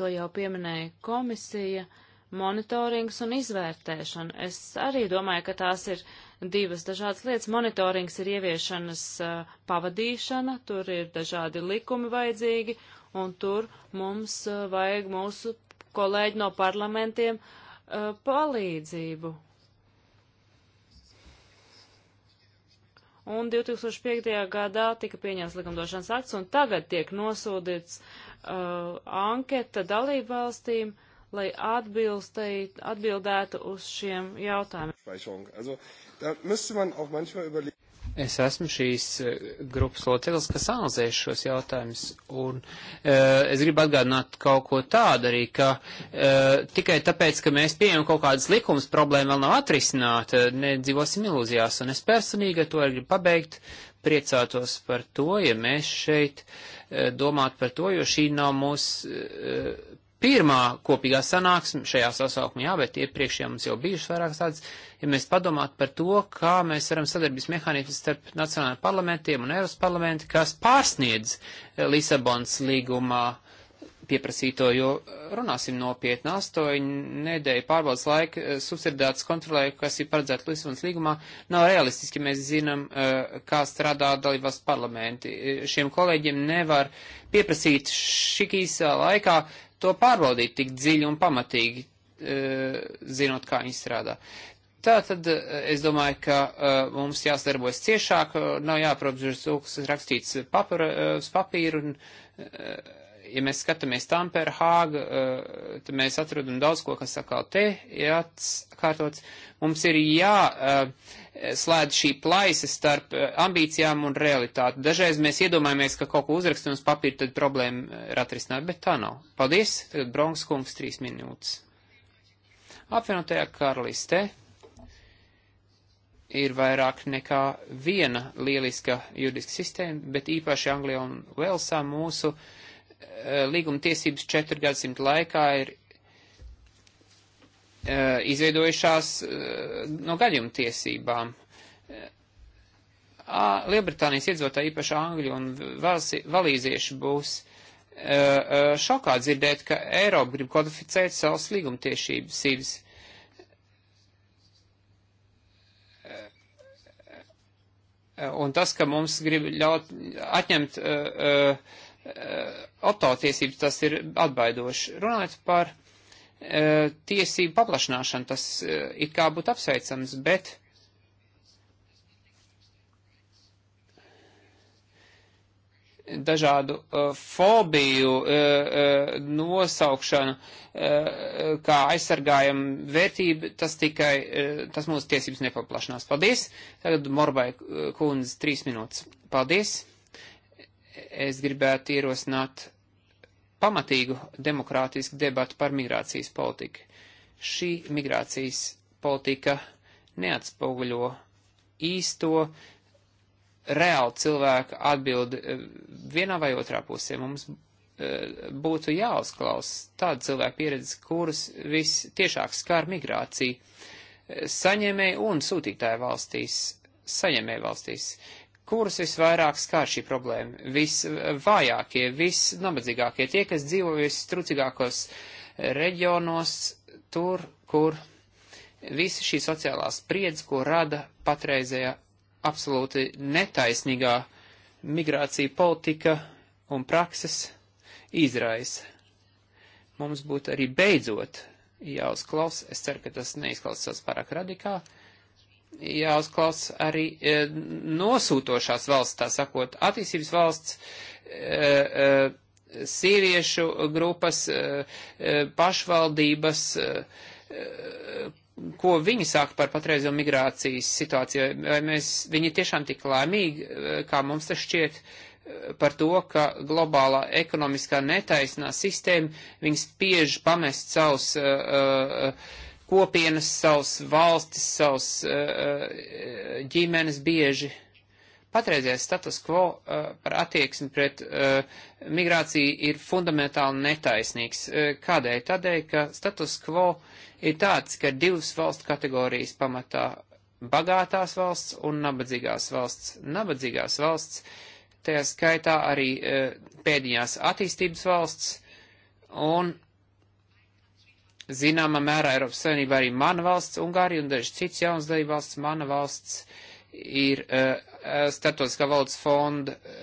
To jau pieminēja komisija. Uh, monitorings un izvērtēšana. Es arī domāju, ka tās ir divas dažādas lietas. Monitorings ir ieviešanas uh, pavadīšana, tur ir dažādi likumi vajadzīgi, un tur mums uh, vajag mūsu kolēģi no parlamentiem uh, palīdzību. Un 2005. gadā tika pieņemts likumdošanas akts, un tagad tiek nosūdīts uh, anketa dalību valstīm uh, lai atbildētu uz šiem jautājumiem. Es esmu šīs eh, grupas loceklis, kas analizē šos jautājumus, un e, es gribu atgādināt kaut ko tādu arī, ka e, tikai tāpēc, ka mēs pieņemam kaut kādas likumas, problēma vēl nav atrisināta, nedzīvosim ilūzijās, un es personīgi ar to arī gribu pabeigt, priecātos par to, ja mēs šeit e, domātu par to, jo šī nav mūsu e, pirmā kopīgā sanāksme šajā sasaukumā, jā, bet iepriekšējā mums jau bijušas vairākas tādas, ja mēs padomātu par to, kā mēs varam sadarbības mehānismus starp nacionālajiem parlamentiem un Eiropas parlamentu, kas pārsniedz eh, Lisabons līgumā pieprasīto, jo runāsim nopietni, astoņu nedēļu pārbaudas laika eh, subsidētas kontrolē, kas ir paredzēta Lisabons līgumā, nav realistiski, mēs zinām, eh, kā strādā dalībās parlamenti. Šiem kolēģiem nevar pieprasīt šik īsā laikā uh, to pārbaudīt tik dziļi un pamatīgi, e, zinot, kā viņi strādā. Tā tad e, es domāju, ka e, mums jāsadarbojas ciešāk, nav jāprobežas, kas rakstīts papira, uz papīru un ja mēs skatāmies Tampere, Hāga, eh, tad mēs atrodam daudz ko, kas atkal te ir atkārtots. Mums ir jāslēdz eh, šī plaisa starp eh, ambīcijām un realitāti. Dažreiz mēs iedomājamies, ka kaut ko uzrakstam uz papīra, tad problēma ir atrisināt, bet tā nav. Paldies, tagad Bronks kungs, trīs minūtes. Apvienotajā karalistē ir vairāk nekā viena lieliska juridiska sistēma, bet īpaši Anglijā un Velsā mūsu uh, Eh, līguma tiesības četru gadsimtu laikā ir uh, izveidojušās uh, no gaļuma tiesībām. Uh, Lielbritānijas iedzīvotāji, īpaši Angļu un valsi, Valīzieši, būs šokā dzirdēt, ka Eiropa grib kodificēt savas līgumtiesības. Un tas, ka mums grib ļaut atņemt uh, uh, Eh, attāltiesības, tas ir atbaidoši. Runājot par eh, tiesību paplašināšanu, tas eh, it kā būtu apsveicams, bet dažādu uh, fobiju uh, uh, nosaukšanu uh, kā aizsargājumu vērtību, tas tikai, uh, tas mūsu tiesības nepaplašinās. Paldies! Tagad Morbai kundze trīs minūtes. Paldies! es gribētu ierosināt pamatīgu demokrātisku debatu par migrācijas politiku. Šī migrācijas politika neatspoguļo īsto reāli cilvēku atbildi eh, vienā vai otrā pusē. Mums eh, būtu jāuzklaus tāda cilvēka pieredze, kuras vis tiešāk skār migrācija eh, saņēmēju un sūtītāju valstīs, saņēmēju valstīs kurus visvairāk skār šī problēma? Visvājākie, visnabadzīgākie, tie, kas dzīvo vistrucīgākos reģionos, tur, kur visa šī sociālā spriedze, ko rada patreizējā absolūti netaisnīgā migrācija politika un prakses izraisa. Mums būtu arī beidzot jāuzklaus, es ceru, ka tas neizklausās pārāk radikāli, jāuzklaus arī e, nosūtošās valsts, tā sakot, attīstības valsts, e, e, sīviešu grupas, pašvaldības, ko viņi saka par patreizo migrācijas situāciju. Vai mēs, viņi tiešām tik laimīgi, kā mums tas šķiet, par to, ka globālā ekonomiskā netaisnā sistēma viņus spiež pamest savus uh, uh, kopienas, savas valstis, savas uh, uh, ģimenes bieži. Patreizējais status quo uh, par attieksmi pret uh, migrāciju ir fundamentāli netaisnīgs. Uh, kādēļ? Tādēļ, ka status quo ir tāds, ka divas valstu kategorijas pamatā bagātās valsts un nabadzīgās valsts. Nabadzīgās valsts, tajā skaitā arī uh, pēdējās attīstības valsts un zināmā mērā Eiropas Savienība arī mana valsts, Ungārija un daži cits jauns dalībvalsts, mana valsts ir uh, Startautiskā valsts fonda uh,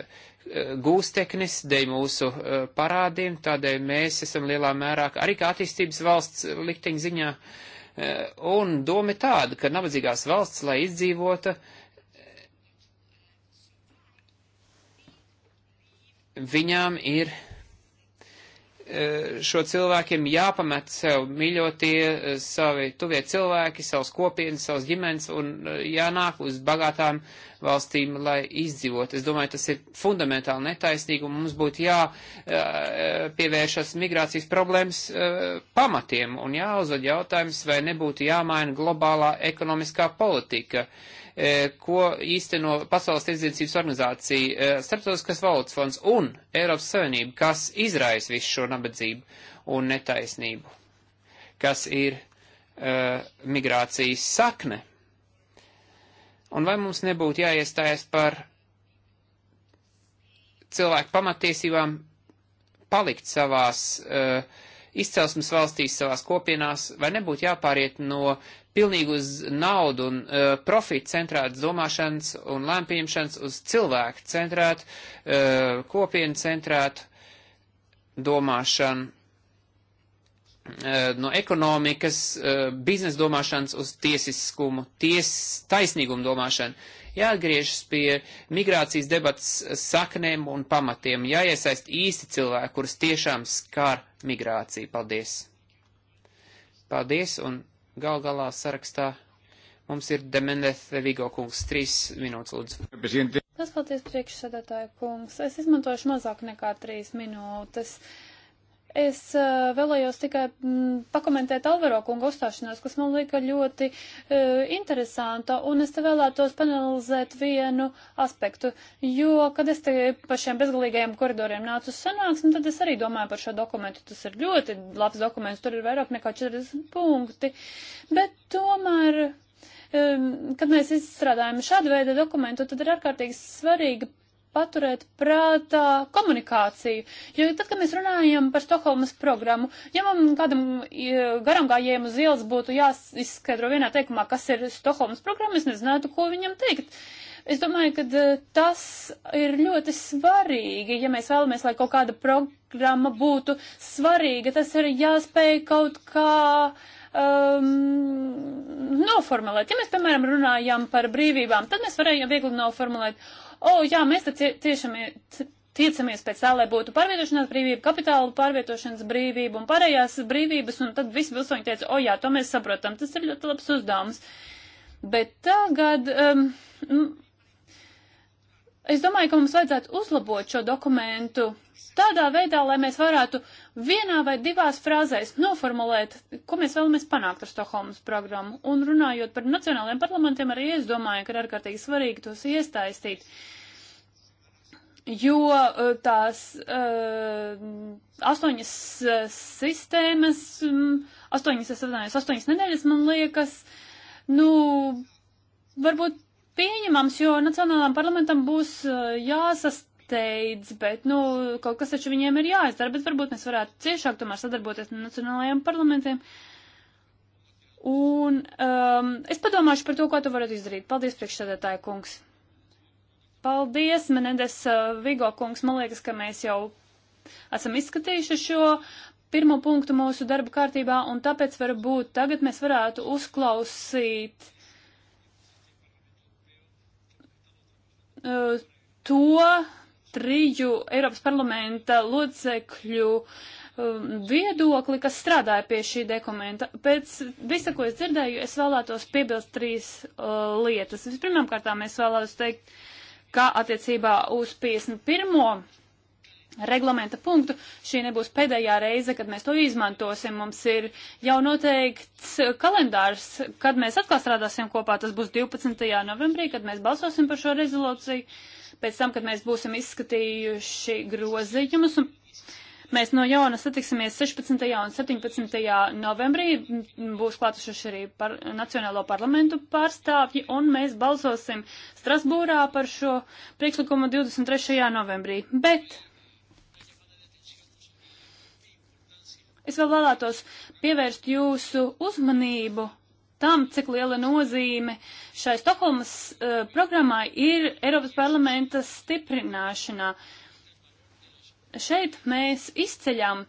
gūsteknis dēļ mūsu uh, parādiem, tādēļ mēs esam lielā mērā arī kā attīstības valsts likteņa ziņā. Uh, un doma ir tāda, ka nabadzīgās valsts, lai izdzīvota, viņām ir uh, E, šo cilvēkiem jāpamet sev mīļotie, e, savi tuvie cilvēki, savas kopienas, savas ģimenes un e, jānāk uz bagātām uh, valstīm, lai izdzīvot. Es domāju, tas ir fundamentāli netaisnīgi, un mums būtu jāpievēršas migrācijas problēmas pamatiem un jāuzdod jautājums, vai nebūtu jāmaina globālā ekonomiskā politika ko īsteno Pasaules tirdzniecības organizācija, Starptautiskās valūtas fonds un Eiropas Savienība, kas izraisa visu šo nabadzību un netaisnību, kas ir uh, migrācijas sakne. Un vai mums nebūtu jāiestājas par cilvēku pamatiesībām palikt savās uh, izcelsmes valstīs, savās kopienās, vai nebūtu jāpāriet no pilnīgi uz naudu un uh, eh, profitu centrētas domāšanas un lēmpieņemšanas uz cilvēku centrētu, uh, eh, kopienu centrētu domāšanu. Eh, no ekonomikas, eh, biznesa domāšanas uz tiesiskumu, ties, taisnīgumu domāšanu. Jāatgriežas pie migrācijas debats saknēm un pamatiem. Jāiesaist īsti cilvēki, kurus tiešām skār migrācija. Paldies! Paldies! Un gal galā sarakstā mums ir Demeneth Vigo kungs. Trīs minūtes, lūdzu. Tas paldies priekšsēdētāju kungs. Es izmantošu mazāk nekā trīs minūtes. Uh, Es uh, vēlējos tikai mm, pakomentēt Alvaro kunga uzstāšanos, kas man lika ļoti uh, interesanta, un es te vēlētos panelizēt vienu aspektu, jo, kad es te pa šiem bezgalīgajiem koridoriem nācu uz sanāksmi, tad es arī domāju par šo dokumentu. Tas ir ļoti labs dokuments, tur ir vairāk nekā 40 punkti, bet tomēr. Um, kad mēs izstrādājam šādu veidu dokumentu, tad ir ārkārtīgi svarīgi paturēt prātā komunikāciju. Jo tad, kad mēs runājam par Stokholmas programmu, ja man kādam garām gājējiem uz ielas būtu jāizskaidro vienā teikumā, kas ir Stokholmas programma, es nezinātu, ko viņam teikt. Es domāju, ka e, tas ir ļoti svarīgi, ja mēs vēlamies, lai kaut kāda programma būtu svarīga, tas ir jāspēj kaut kā um, noformulēt. Ja mēs, piemēram, runājam par brīvībām, tad mēs varējām viegli noformulēt. Uh, o, oh, jā, mēs tad tiešamies, tiecamies pēc tā, lai būtu pārvietošanās brīvība, kapitāla pārvietošanas brīvība un pārējās brīvības, un tad visi pilsoņi teica, o, oh, jā, to mēs saprotam, tas ir ļoti labs uzdevums. Bet tagad, um, es domāju, ka mums vajadzētu uzlabot šo dokumentu tādā veidā, lai mēs varētu vienā vai divās frāzēs noformulēt, ko mēs vēlamies panākt ar Stokholmas programmu. Un runājot par nacionālajiem parlamentiem, arī es domāju, ka ir ārkārtīgi svarīgi tos iesaistīt, jo eh, tās uh, astoņas uh, sistēmas, um, astoņas, es atvainojos, astoņas nedēļas, man liekas, nu, varbūt pieņemams, jo nacionālām parlamentam būs uh, jāsast teic, bet, nu, kaut kas taču viņiem ir jāizdara, bet varbūt mēs varētu ciešāk tomēr sadarboties ar nacionālajiem parlamentiem. Un um, es padomāšu par to, ko tu varētu izdarīt. Paldies, priekšsēdētāja kungs. Paldies, Menedes uh, Vigo kungs. Man liekas, ka mēs jau esam izskatījuši šo pirmo punktu mūsu darba kārtībā, un tāpēc varbūt tagad mēs varētu uzklausīt uh, to, triju Eiropas parlamenta locekļu um, viedokli, kas strādāja pie šī dokumenta. Pēc visa, ko es dzirdēju, es vēlētos piebilst trīs uh, lietas. Vispirmām kārtām es vēlētos teikt, ka attiecībā uz 51 reglamenta punktu. Šī nebūs pēdējā reize, kad mēs to izmantosim. Mums ir jau noteikts kalendārs, kad mēs atkal strādāsim kopā. Tas būs 12. novembrī, kad mēs balsosim par šo rezolūciju pēc tam, kad mēs būsim izskatījuši grozījumus un Mēs no jauna satiksimies 16. un 17. novembrī. Būs klātušuši arī par Nacionālo parlamentu pārstāvji, un mēs balsosim Strasbūrā par šo priekšlikumu 23. novembrī. Bet es vēl vēlētos pievērst jūsu uzmanību tam, cik liela nozīme šai Stokholmas uh, programmai ir Eiropas parlamenta stiprināšanā. Šeit mēs izceļam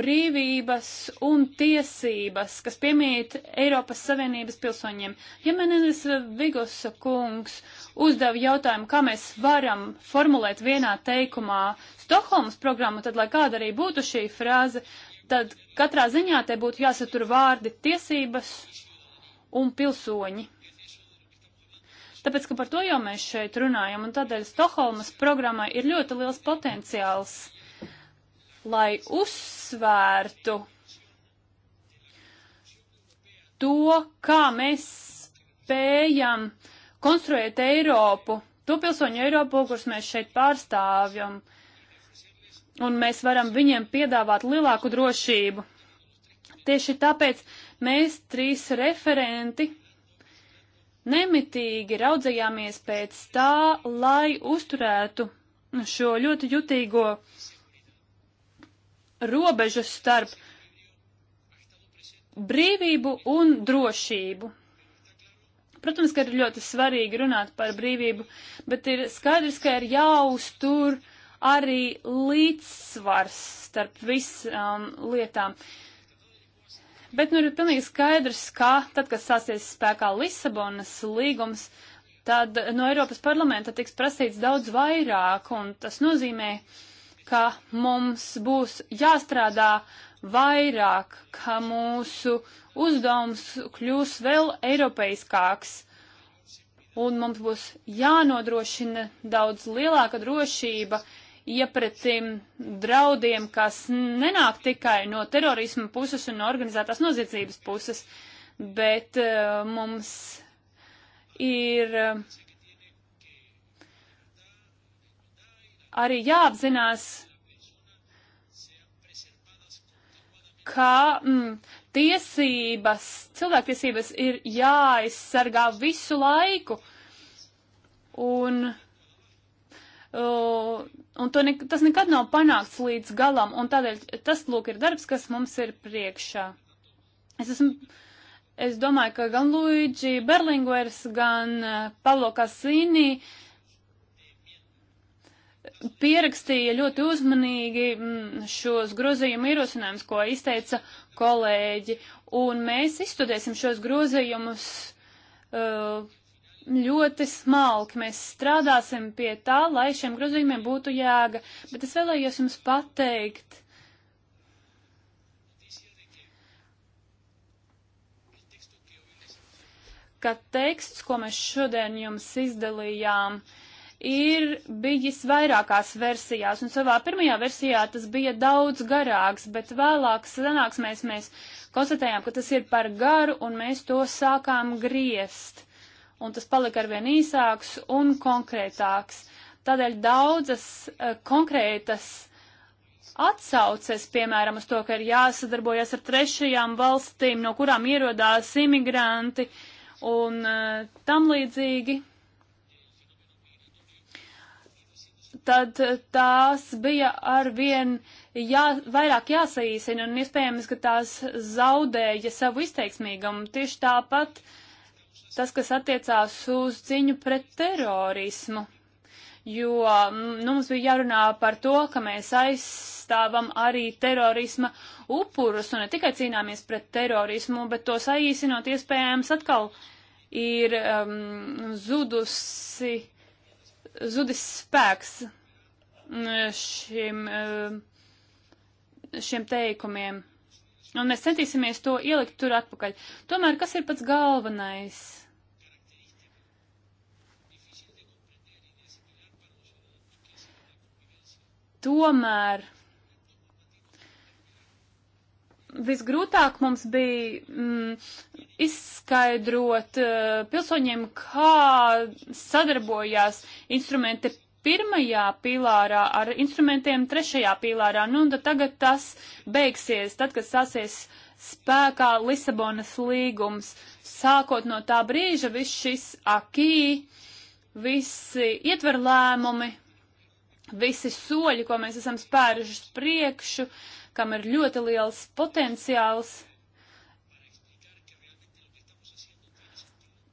brīvības un tiesības, kas piemīt Eiropas Savienības pilsoņiem. Ja Menelis Vigusa kungs uzdeva jautājumu, kā mēs varam formulēt vienā teikumā Stokholmas programmu, tad, lai kāda arī būtu šī frāze, uh, tad katrā ziņā te būtu jāsatur vārdi tiesības un pilsoņi. Tāpēc, ka par to jau mēs šeit runājam, un tādēļ Stokholmas programmai ir ļoti liels potenciāls, lai uzsvērtu to, kā mēs spējam konstruēt Eiropu, to pilsoņu Eiropu, kurus mēs šeit pārstāvjam. Uh, un mēs varam viņiem piedāvāt lielāku drošību. Tieši tāpēc mēs trīs referenti nemitīgi raudzījāmies pēc tā, lai uzturētu šo ļoti jutīgo robežu starp brīvību un drošību. Protams, ka ir ļoti svarīgi runāt par brīvību, bet ir skaidrs, ka ir jāuztur uh, arī līdzsvars starp visām lietām. Bet nu ir pilnīgi skaidrs, ka tad, kad sāksies spēkā Lisabonas līgums, tad no Eiropas parlamenta tiks prasīts daudz vairāk, un tas nozīmē, ka mums būs jāstrādā vairāk, ka mūsu uzdevums kļūs vēl eiropeiskāks, un mums būs jānodrošina daudz lielāka drošība iepretim draudiem, kas nenāk tikai no terorisma puses un no organizētās noziedzības puses, bet uh, mums ir uh, arī jāapzinās, ka mm, tiesības, cilvēktiesības ir jāaizsargā visu laiku. Un uh, Uh, un ne, tas nekad nav panākts līdz galam, un tādēļ tas, lūk, ir darbs, kas mums ir priekšā. Es esmu, es domāju, ka gan Luigi Berlinguers, gan uh, Palo Casini pierakstīja ļoti uzmanīgi mm, šos grozījumu ierosinājumus, ko izteica kolēģi, un mēs izstudēsim šos grozījumus. Uh, ļoti smalki. Mēs strādāsim pie tā, lai šiem grozījumiem būtu jēga. Bet es vēlējos jums pateikt. ka teksts, ko mēs šodien jums izdalījām, ir bijis vairākās versijās, un savā pirmajā versijā tas bija daudz garāks, bet vēlāk sanāksmēs mēs konstatējām, ka tas ir par garu, un mēs to sākām griezt un tas palika arvien īsāks un konkrētāks. Tādēļ daudzas uh, konkrētas atsauces, piemēram, uz to, ka ir jāsadarbojas ar trešajām valstīm, no kurām ierodās imigranti un uh, tam līdzīgi, tad tās bija arvien jā, vairāk jāsaīsina un iespējams, ka tās zaudēja savu izteiksmīgumu. Tieši tāpat uh, tas, kas attiecās uz ciņu pret terorismu. Jo mm, nu, mums bija jārunā par to, ka mēs aizstāvam arī terorisma upurus un ne tikai cīnāmies pret terorismu, bet to saīsinot iespējams atkal ir um, zudusi, zudis spēks mm, šim, šiem teikumiem. Un mēs centīsimies to ielikt tur atpakaļ. Tomēr kas ir pats galvenais? Tomēr visgrūtāk mums bija mm, izskaidrot uh, pilsoņiem, kā sadarbojās instrumenti pirmajā pīlārā ar instrumentiem trešajā pīlārā. Nu, un tagad tas beigsies, tad, kad sāsies spēkā Lisabonas līgums. Sākot no tā brīža, viss šis akī, visi ietver lēmumi, visi soļi, ko mēs esam spēruši uz priekšu, kam ir ļoti liels potenciāls,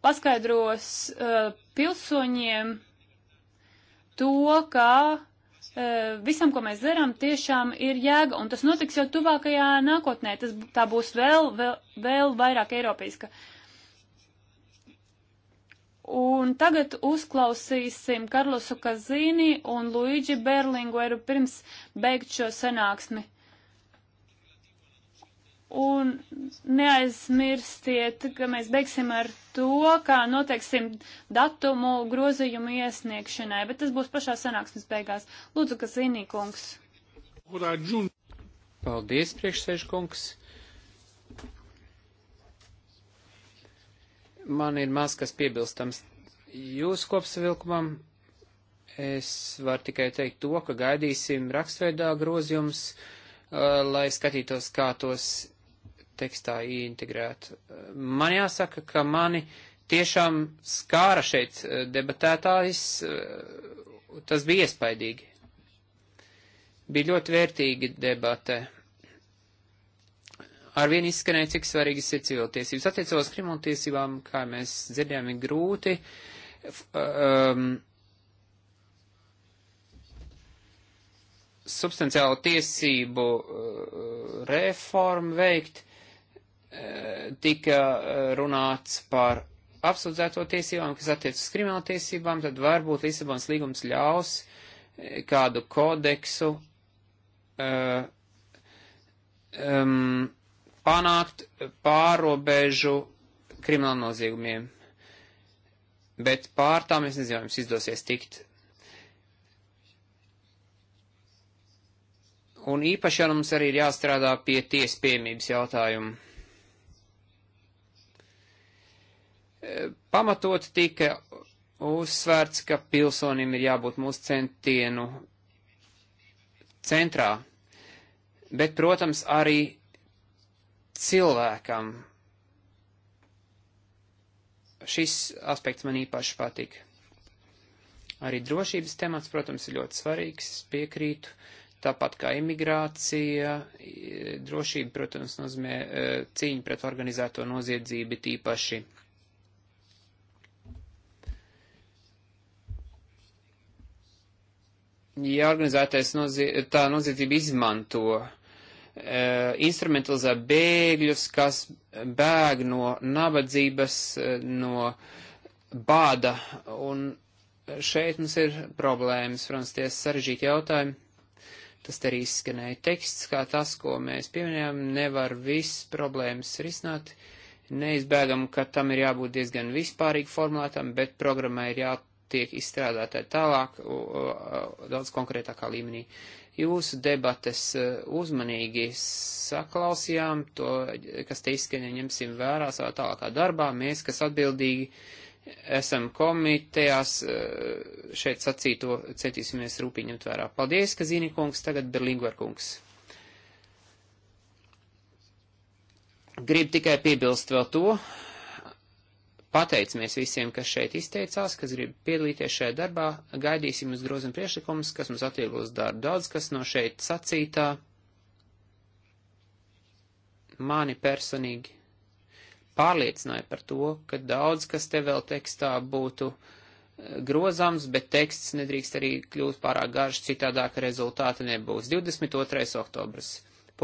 paskaidros uh, pilsoņiem to, ka uh, visam, ko mēs darām, tiešām ir jēga, un tas notiks jau tuvākajā nākotnē. Tas tā būs vēl, vēl, vēl vairāk eiropeiska. Uh, Un tagad uzklausīsim Karlosu Kazīni un Luigi Berlingueru pirms beigt šo sanāksmi. Un neaizmirstiet, ka mēs beigsim ar to, kā noteiksim datumu grozījumu iesniegšanai, bet tas būs pašā sanāksmes beigās. Lūdzu, Kazīnī kungs. Paldies, priekšsēžkungs. kungs man ir maz kas piebilstams jūsu kopsavilkumam. Es varu tikai teikt to, ka gaidīsim rakstveidā grozījums, uh, lai skatītos, kā tos tekstā integrēt. Man jāsaka, ka mani tiešām skāra šeit uh, debatētājs, uh, tas bija iespaidīgi. Bija ļoti vērtīgi debate arvien izskanēja, cik svarīgas ir civiltiesības. Attiecībā uz krimuntiesībām, kā mēs dzirdējām, ir grūti. Um, substanciālu tiesību uh, reformu veikt, uh, tika uh, runāts par apsūdzēto tiesībām, kas attiec uz kriminālu tiesībām, tad varbūt Lisabons līgums ļaus uh, kādu kodeksu uh, um, panākt pārobežu kriminālu noziegumiem. Bet pār tā mēs nezinām, jums izdosies tikt. Un īpaši jau mums arī ir jāstrādā pie tiespiemības jautājumu. E, pamatot tika uzsvērts, ka pilsonim ir jābūt mūsu centienu centrā, bet, protams, arī cilvēkam. Šis aspekts man īpaši patika. Arī drošības temats, protams, ir ļoti svarīgs, piekrītu. Tāpat kā imigrācija, drošība, protams, nozīmē e, cīņu pret organizēto noziedzību tīpaši. Ja organizētais nozie tā noziedzība izmanto uh, Eh, instrumentalizē bēgļus, kas bēg no nabadzības, eh, no bāda, un šeit mums ir problēmas, protams, tie sarežģīti jautājumi. Tas te arī izskanēja teksts, kā tas, ko mēs pieminējām, nevar viss problēmas risināt. Neizbēgam, ka tam ir jābūt diezgan vispārīgi formulētam, bet programmai ir jātiek izstrādātai tālāk, daudz konkrētākā līmenī jūsu debates eh, uzmanīgi saklausījām, to, kas te izskaņa, ņemsim vērā savā tālākā darbā. Mēs, kas atbildīgi esam komitejās, eh, šeit sacīto centīsimies rūpīgi ņemt vērā. Paldies, ka zini kungs, tagad Berlingver kungs. Gribu tikai piebilst vēl to, Pateicamies visiem, kas šeit izteicās, kas grib piedalīties šajā darbā, gaidīsim uz grozam priešlikumus, kas mums atvieglos darbu. Daudz, kas no šeit sacītā mani personīgi pārliecināja par to, ka daudz, kas te vēl tekstā būtu eh, grozams, bet teksts nedrīkst arī kļūt pārāk garš, citādāk rezultāta nebūs. 22. oktobrs,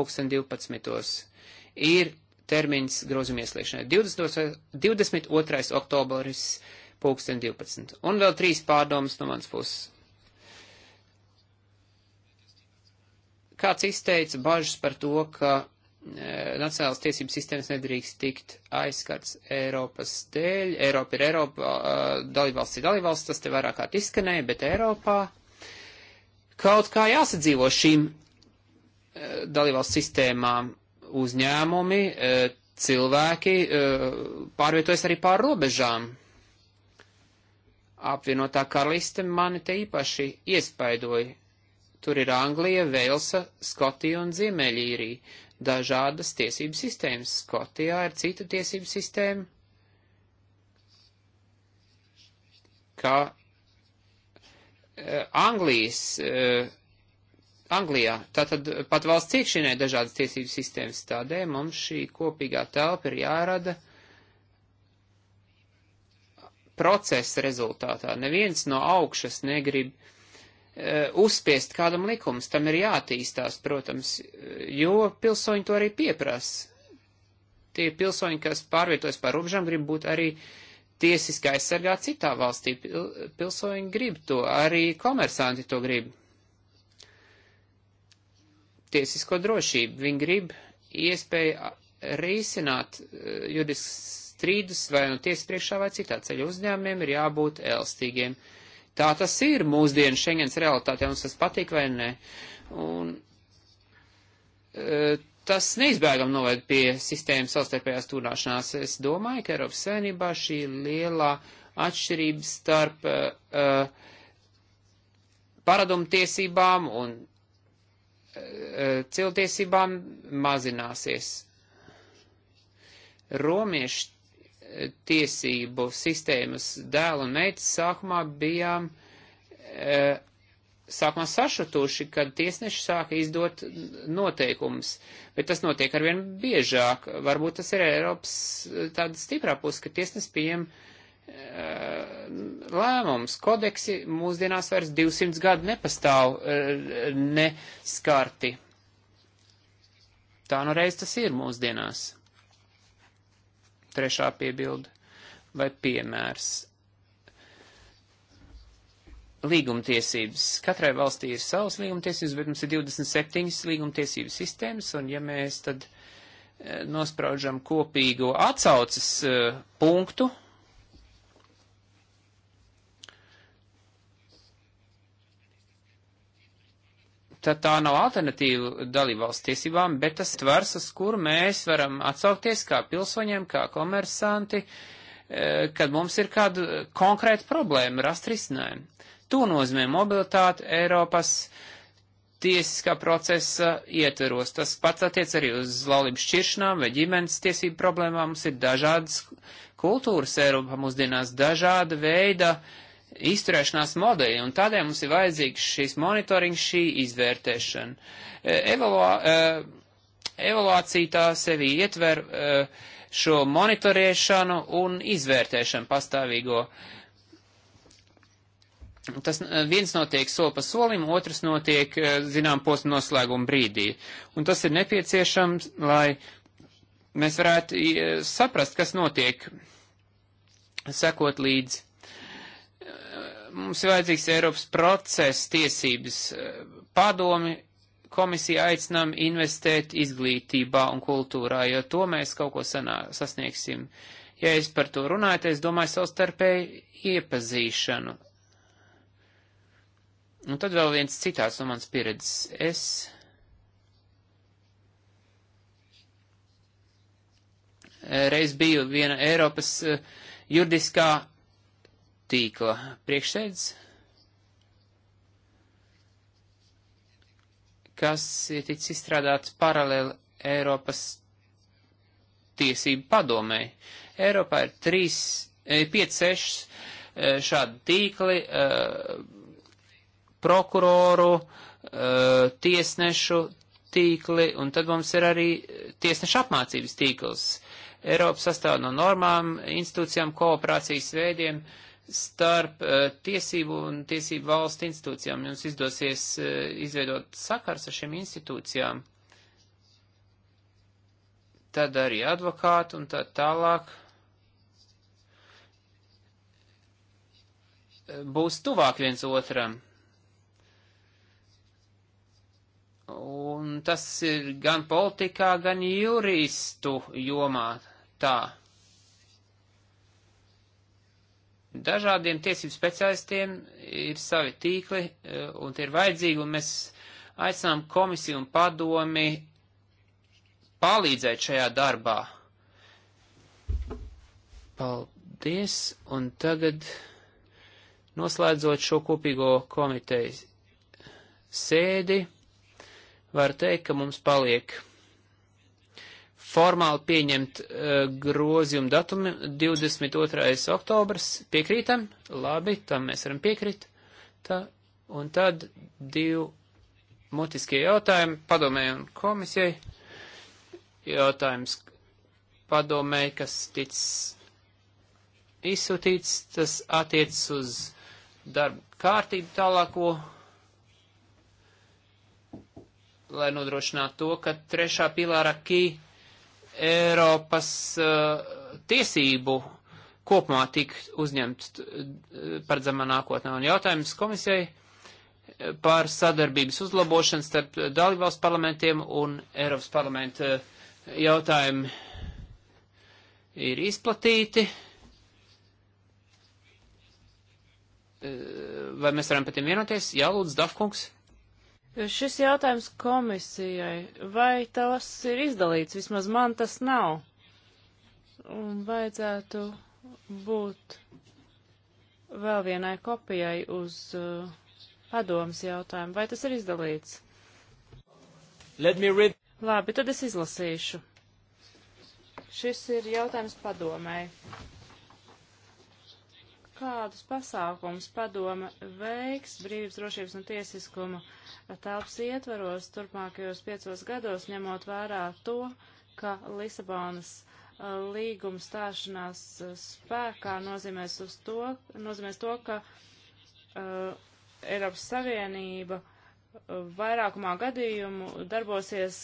2012. ir termiņš grozījuma ieslēgšanai 22. oktobris 2012. Un vēl trīs pārdomas no manas puses. Kāds izteica bažas par to, ka e, nacionālas tiesības sistēmas nedrīkst tikt aizskats Eiropas dēļ. Eiropa ir Eiropa, dalībvalsts ir dalībvalsts, tas te vairāk kārt izskanēja, bet Eiropā kaut kā jāsadzīvo šīm e, dalībvalsts sistēmām uzņēmumi, e, cilvēki e, pārvietojas arī pār robežām. Apvienotā karaliste mani te īpaši iespaidoja. Tur ir Anglija, Velsa, Skotija un Ziemeļīrija. Dažādas tiesību sistēmas. Skotijā ir cita tiesību sistēma. Kā e, Anglijas Anglijā. Tātad pat valsts iekšienē dažādas tiesību sistēmas tādēļ mums šī kopīgā telpa ir jārada procesa rezultātā. Neviens no augšas negrib e, uzspiest kādam likums, tam ir jātīstās, protams, jo pilsoņi to arī pieprasa. Tie pilsoņi, kas pārvietojas pār robežām, grib būt arī tiesiski aizsargāti citā valstī. Pilsoņi grib to, arī komersanti to grib tiesisko drošību. Viņi grib iespēju risināt e, juridiskas strīdus vai no nu tiesas priekšā vai citā ceļa uzņēmumiem ir jābūt elastīgiem. Tā tas ir mūsdienu Schengens realitātē, mums tas patīk vai nē. Un, e, tas neizbēgam noved pie sistēmas savstarpējās turnāšanās. Es domāju, ka Eiropas Savienībā šī lielā atšķirība starp uh, paradumtiesībām un Eh, cilvēktiesībām mazināsies. Romiešu eh, tiesību sistēmas dēlu un meitas sākumā bijām eh, sākumā sašutuši, kad tiesneši sāka izdot noteikumus, bet tas notiek arvien biežāk. Varbūt tas ir Eiropas tāda stiprā puse, ka tiesnes pieņem uh, lēmums, kodeksi mūsdienās vairs 200 gadu nepastāv neskarti. Tā nu reiz tas ir mūsdienās. Trešā piebilda vai piemērs. Līgumtiesības. Katrai valstī ir savas līgumtiesības, bet mums ir 27 līgumtiesības sistēmas, un ja mēs tad nospraužam kopīgo atsaucas punktu, tad tā nav alternatīva dalībvalsts tiesībām, bet tas tvers, uz kuru mēs varam atsaukties kā pilsoņiem, kā komersanti, eh, kad mums ir kāda konkrēta problēma rast risinājumu. To nozīmē mobilitāte Eiropas tiesiskā procesa ietveros. Tas pats attiec arī uz laulību šķiršanām vai ģimenes tiesību problēmām. Mums ir dažādas kultūras Eiropā mūsdienās, dažāda veida uh, izturēšanās modeļi, un tādēļ mums ir vajadzīgs šīs monitorings, šī izvērtēšana. E, Evaluā, e, evaluācija tā sevi ietver e, šo monitorēšanu un izvērtēšanu pastāvīgo. Tas viens notiek soli pa solim, otrs notiek, zinām, posma noslēguma brīdī. Un tas ir nepieciešams, lai mēs varētu saprast, kas notiek, sekot līdzi mums ir vajadzīgs Eiropas process tiesības eh, padomi, komisija aicinām investēt izglītībā un kultūrā, jo to mēs kaut ko sanā, sasniegsim. Ja es par to runāju, tad es domāju savstarpēju iepazīšanu. Un tad vēl viens citāts no mans pieredzes. Es reiz biju viena Eiropas eh, juridiskā tīkla priekšsēdz, kas ir ticis izstrādāts paralēli Eiropas tiesību padomēji. Eiropā ir 3, 5, 6 šādi tīkli eh, prokuroru, eh, tiesnešu tīkli, un tad mums ir arī tiesnešu apmācības tīkls. Eiropa sastāv no normām, institūcijām, kooperācijas veidiem. Uh, starp uh, tiesību un tiesību valstu institūcijām. Jums izdosies uh, izveidot sakars ar šiem institūcijām. Tad arī advokāti un tā tālāk būs tuvāk viens otram. Un tas ir gan politikā, gan juristu jomā tā. Dažādiem tiesību speciālistiem ir savi tīkli e, un tie ir vajadzīgi, un mēs aicinām komisiju un padomi palīdzēt šajā darbā. Paldies, un tagad noslēdzot šo kopīgo komitejas sēdi, var teikt, ka mums paliek formāli pieņemt uh, grozījumu datumu 22. oktobrs. Piekrītam? Labi, tam mēs varam piekrīt. Tā, un tad divi mutiskie jautājumi padomēji un komisijai. Jautājums padomēji, kas tic izsūtīts, tas attiec uz darbu kārtību tālāko lai nodrošinātu to, ka trešā pilāra kī Eiropas uh, tiesību kopumā tik uzņemts eh, paredzamā nākotnē. Un jautājums komisijai eh, par sadarbības uzlabošanu starp dalībvalstu parlamentiem un Eiropas parlamenta jautājumi ir izplatīti. Vai mēs varam par tiem vienoties? Jā, lūdzu, Dafkungs. Šis jautājums komisijai, vai tas ir izdalīts, vismaz man tas nav. Un vajadzētu būt vēl vienai kopijai uz uh, padomas jautājumu, vai tas ir izdalīts. Labi, tad es izlasīšu. Šis ir jautājums padomai kādus pasākums padome veiks brīvības drošības un tiesiskuma telpas ietvaros turpmākajos piecos gados, ņemot vērā to, ka Lisabonas uh, līguma stāšanās uh, spēkā nozīmēs, to, nozīmēs to, ka uh, Eiropas Savienība uh, vairākumā gadījumu darbosies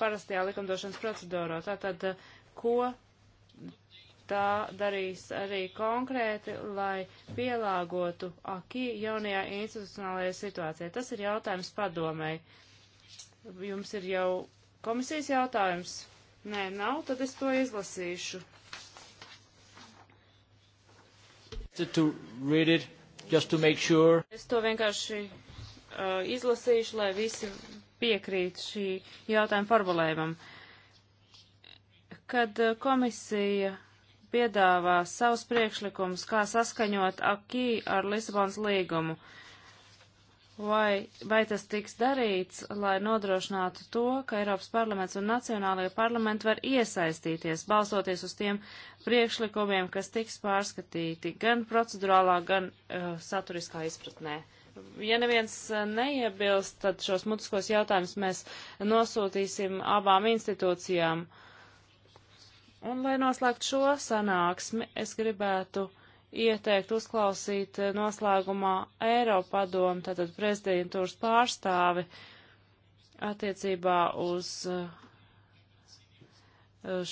parastajā likumdošanas procedūrā. Tātad, ko tā darīs arī konkrēti, lai pielāgotu akī jaunajā institucionālajā situācijā. Tas ir jautājums padomēji. Jums ir jau komisijas jautājums? Nē, nav, tad es to izlasīšu. To read it, just to make sure. Es to vienkārši uh, izlasīšu, lai visi piekrīt šī jautājuma formulējumam. Kad uh, komisija piedāvā savus priekšlikumus, kā saskaņot akī ar Lisabons līgumu. Vai, vai tas tiks darīts, lai nodrošinātu to, ka Eiropas parlaments un nacionālajie parlamenti var iesaistīties, balstoties uz tiem priekšlikumiem, kas tiks pārskatīti gan procedurālā, gan uh, saturiskā izpratnē? ja neviens uh, neiebilst, tad šos mutiskos jautājumus mēs nosūtīsim abām institūcijām. Uh, Un, lai noslēgtu šo sanāksmi, es gribētu ieteikt uzklausīt noslēgumā Eiropadomu, tātad prezidentūras pārstāvi attiecībā uz eh,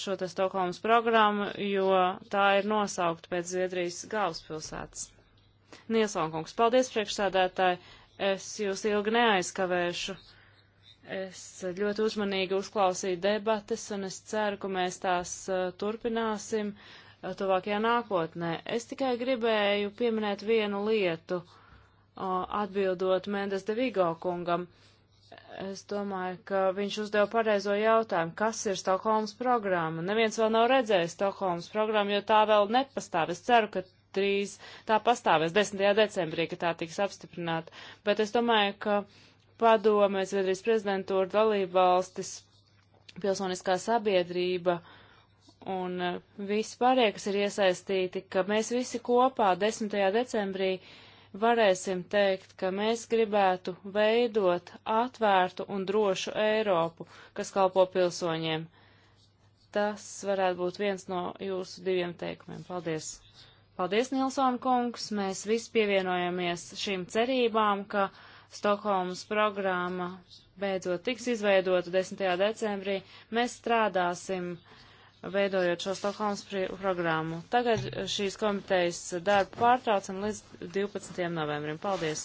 šo te Stokholmas programmu, jo tā ir nosaukta pēc Zviedrijas galvaspilsētas. Nielson kungs, paldies priekšsādātāji, es jūs ilgi neaizkavēšu. Es ļoti uzmanīgi uzklausīju debates, un es ceru, ka mēs tās eh, turpināsim eh, tuvākajā nākotnē. Es tikai gribēju pieminēt vienu lietu, atbildot Mendes de Vigo kungam. Es domāju, ka viņš uzdeva pareizo jautājumu, kas ir Stokholmas programma. Neviens vēl nav redzējis Stokholmas programmu, jo tā vēl nepastāv. Es ceru, ka drīz tā pastāvēs 10. decembrī, ka tā tiks apstiprināta. Bet es domāju, ka uh, padome, Zviedrijas prezidentūra, dalībvalstis, pilsoniskā sabiedrība un e, visi pārējie, kas ir iesaistīti, ka mēs visi kopā 10. decembrī varēsim teikt, ka mēs gribētu veidot atvērtu un drošu Eiropu, kas kalpo pilsoņiem. Tas varētu būt viens no jūsu diviem teikumiem. Paldies! Paldies, Nilsona kungs! Mēs visi pievienojamies šīm cerībām, ka Stokholmas programma beidzot tiks izveidota 10. decembrī, mēs strādāsim veidojot šo Stokholmas programmu. Tagad šīs komitejas darbu pārtraucam līdz 12. novembrim. Paldies!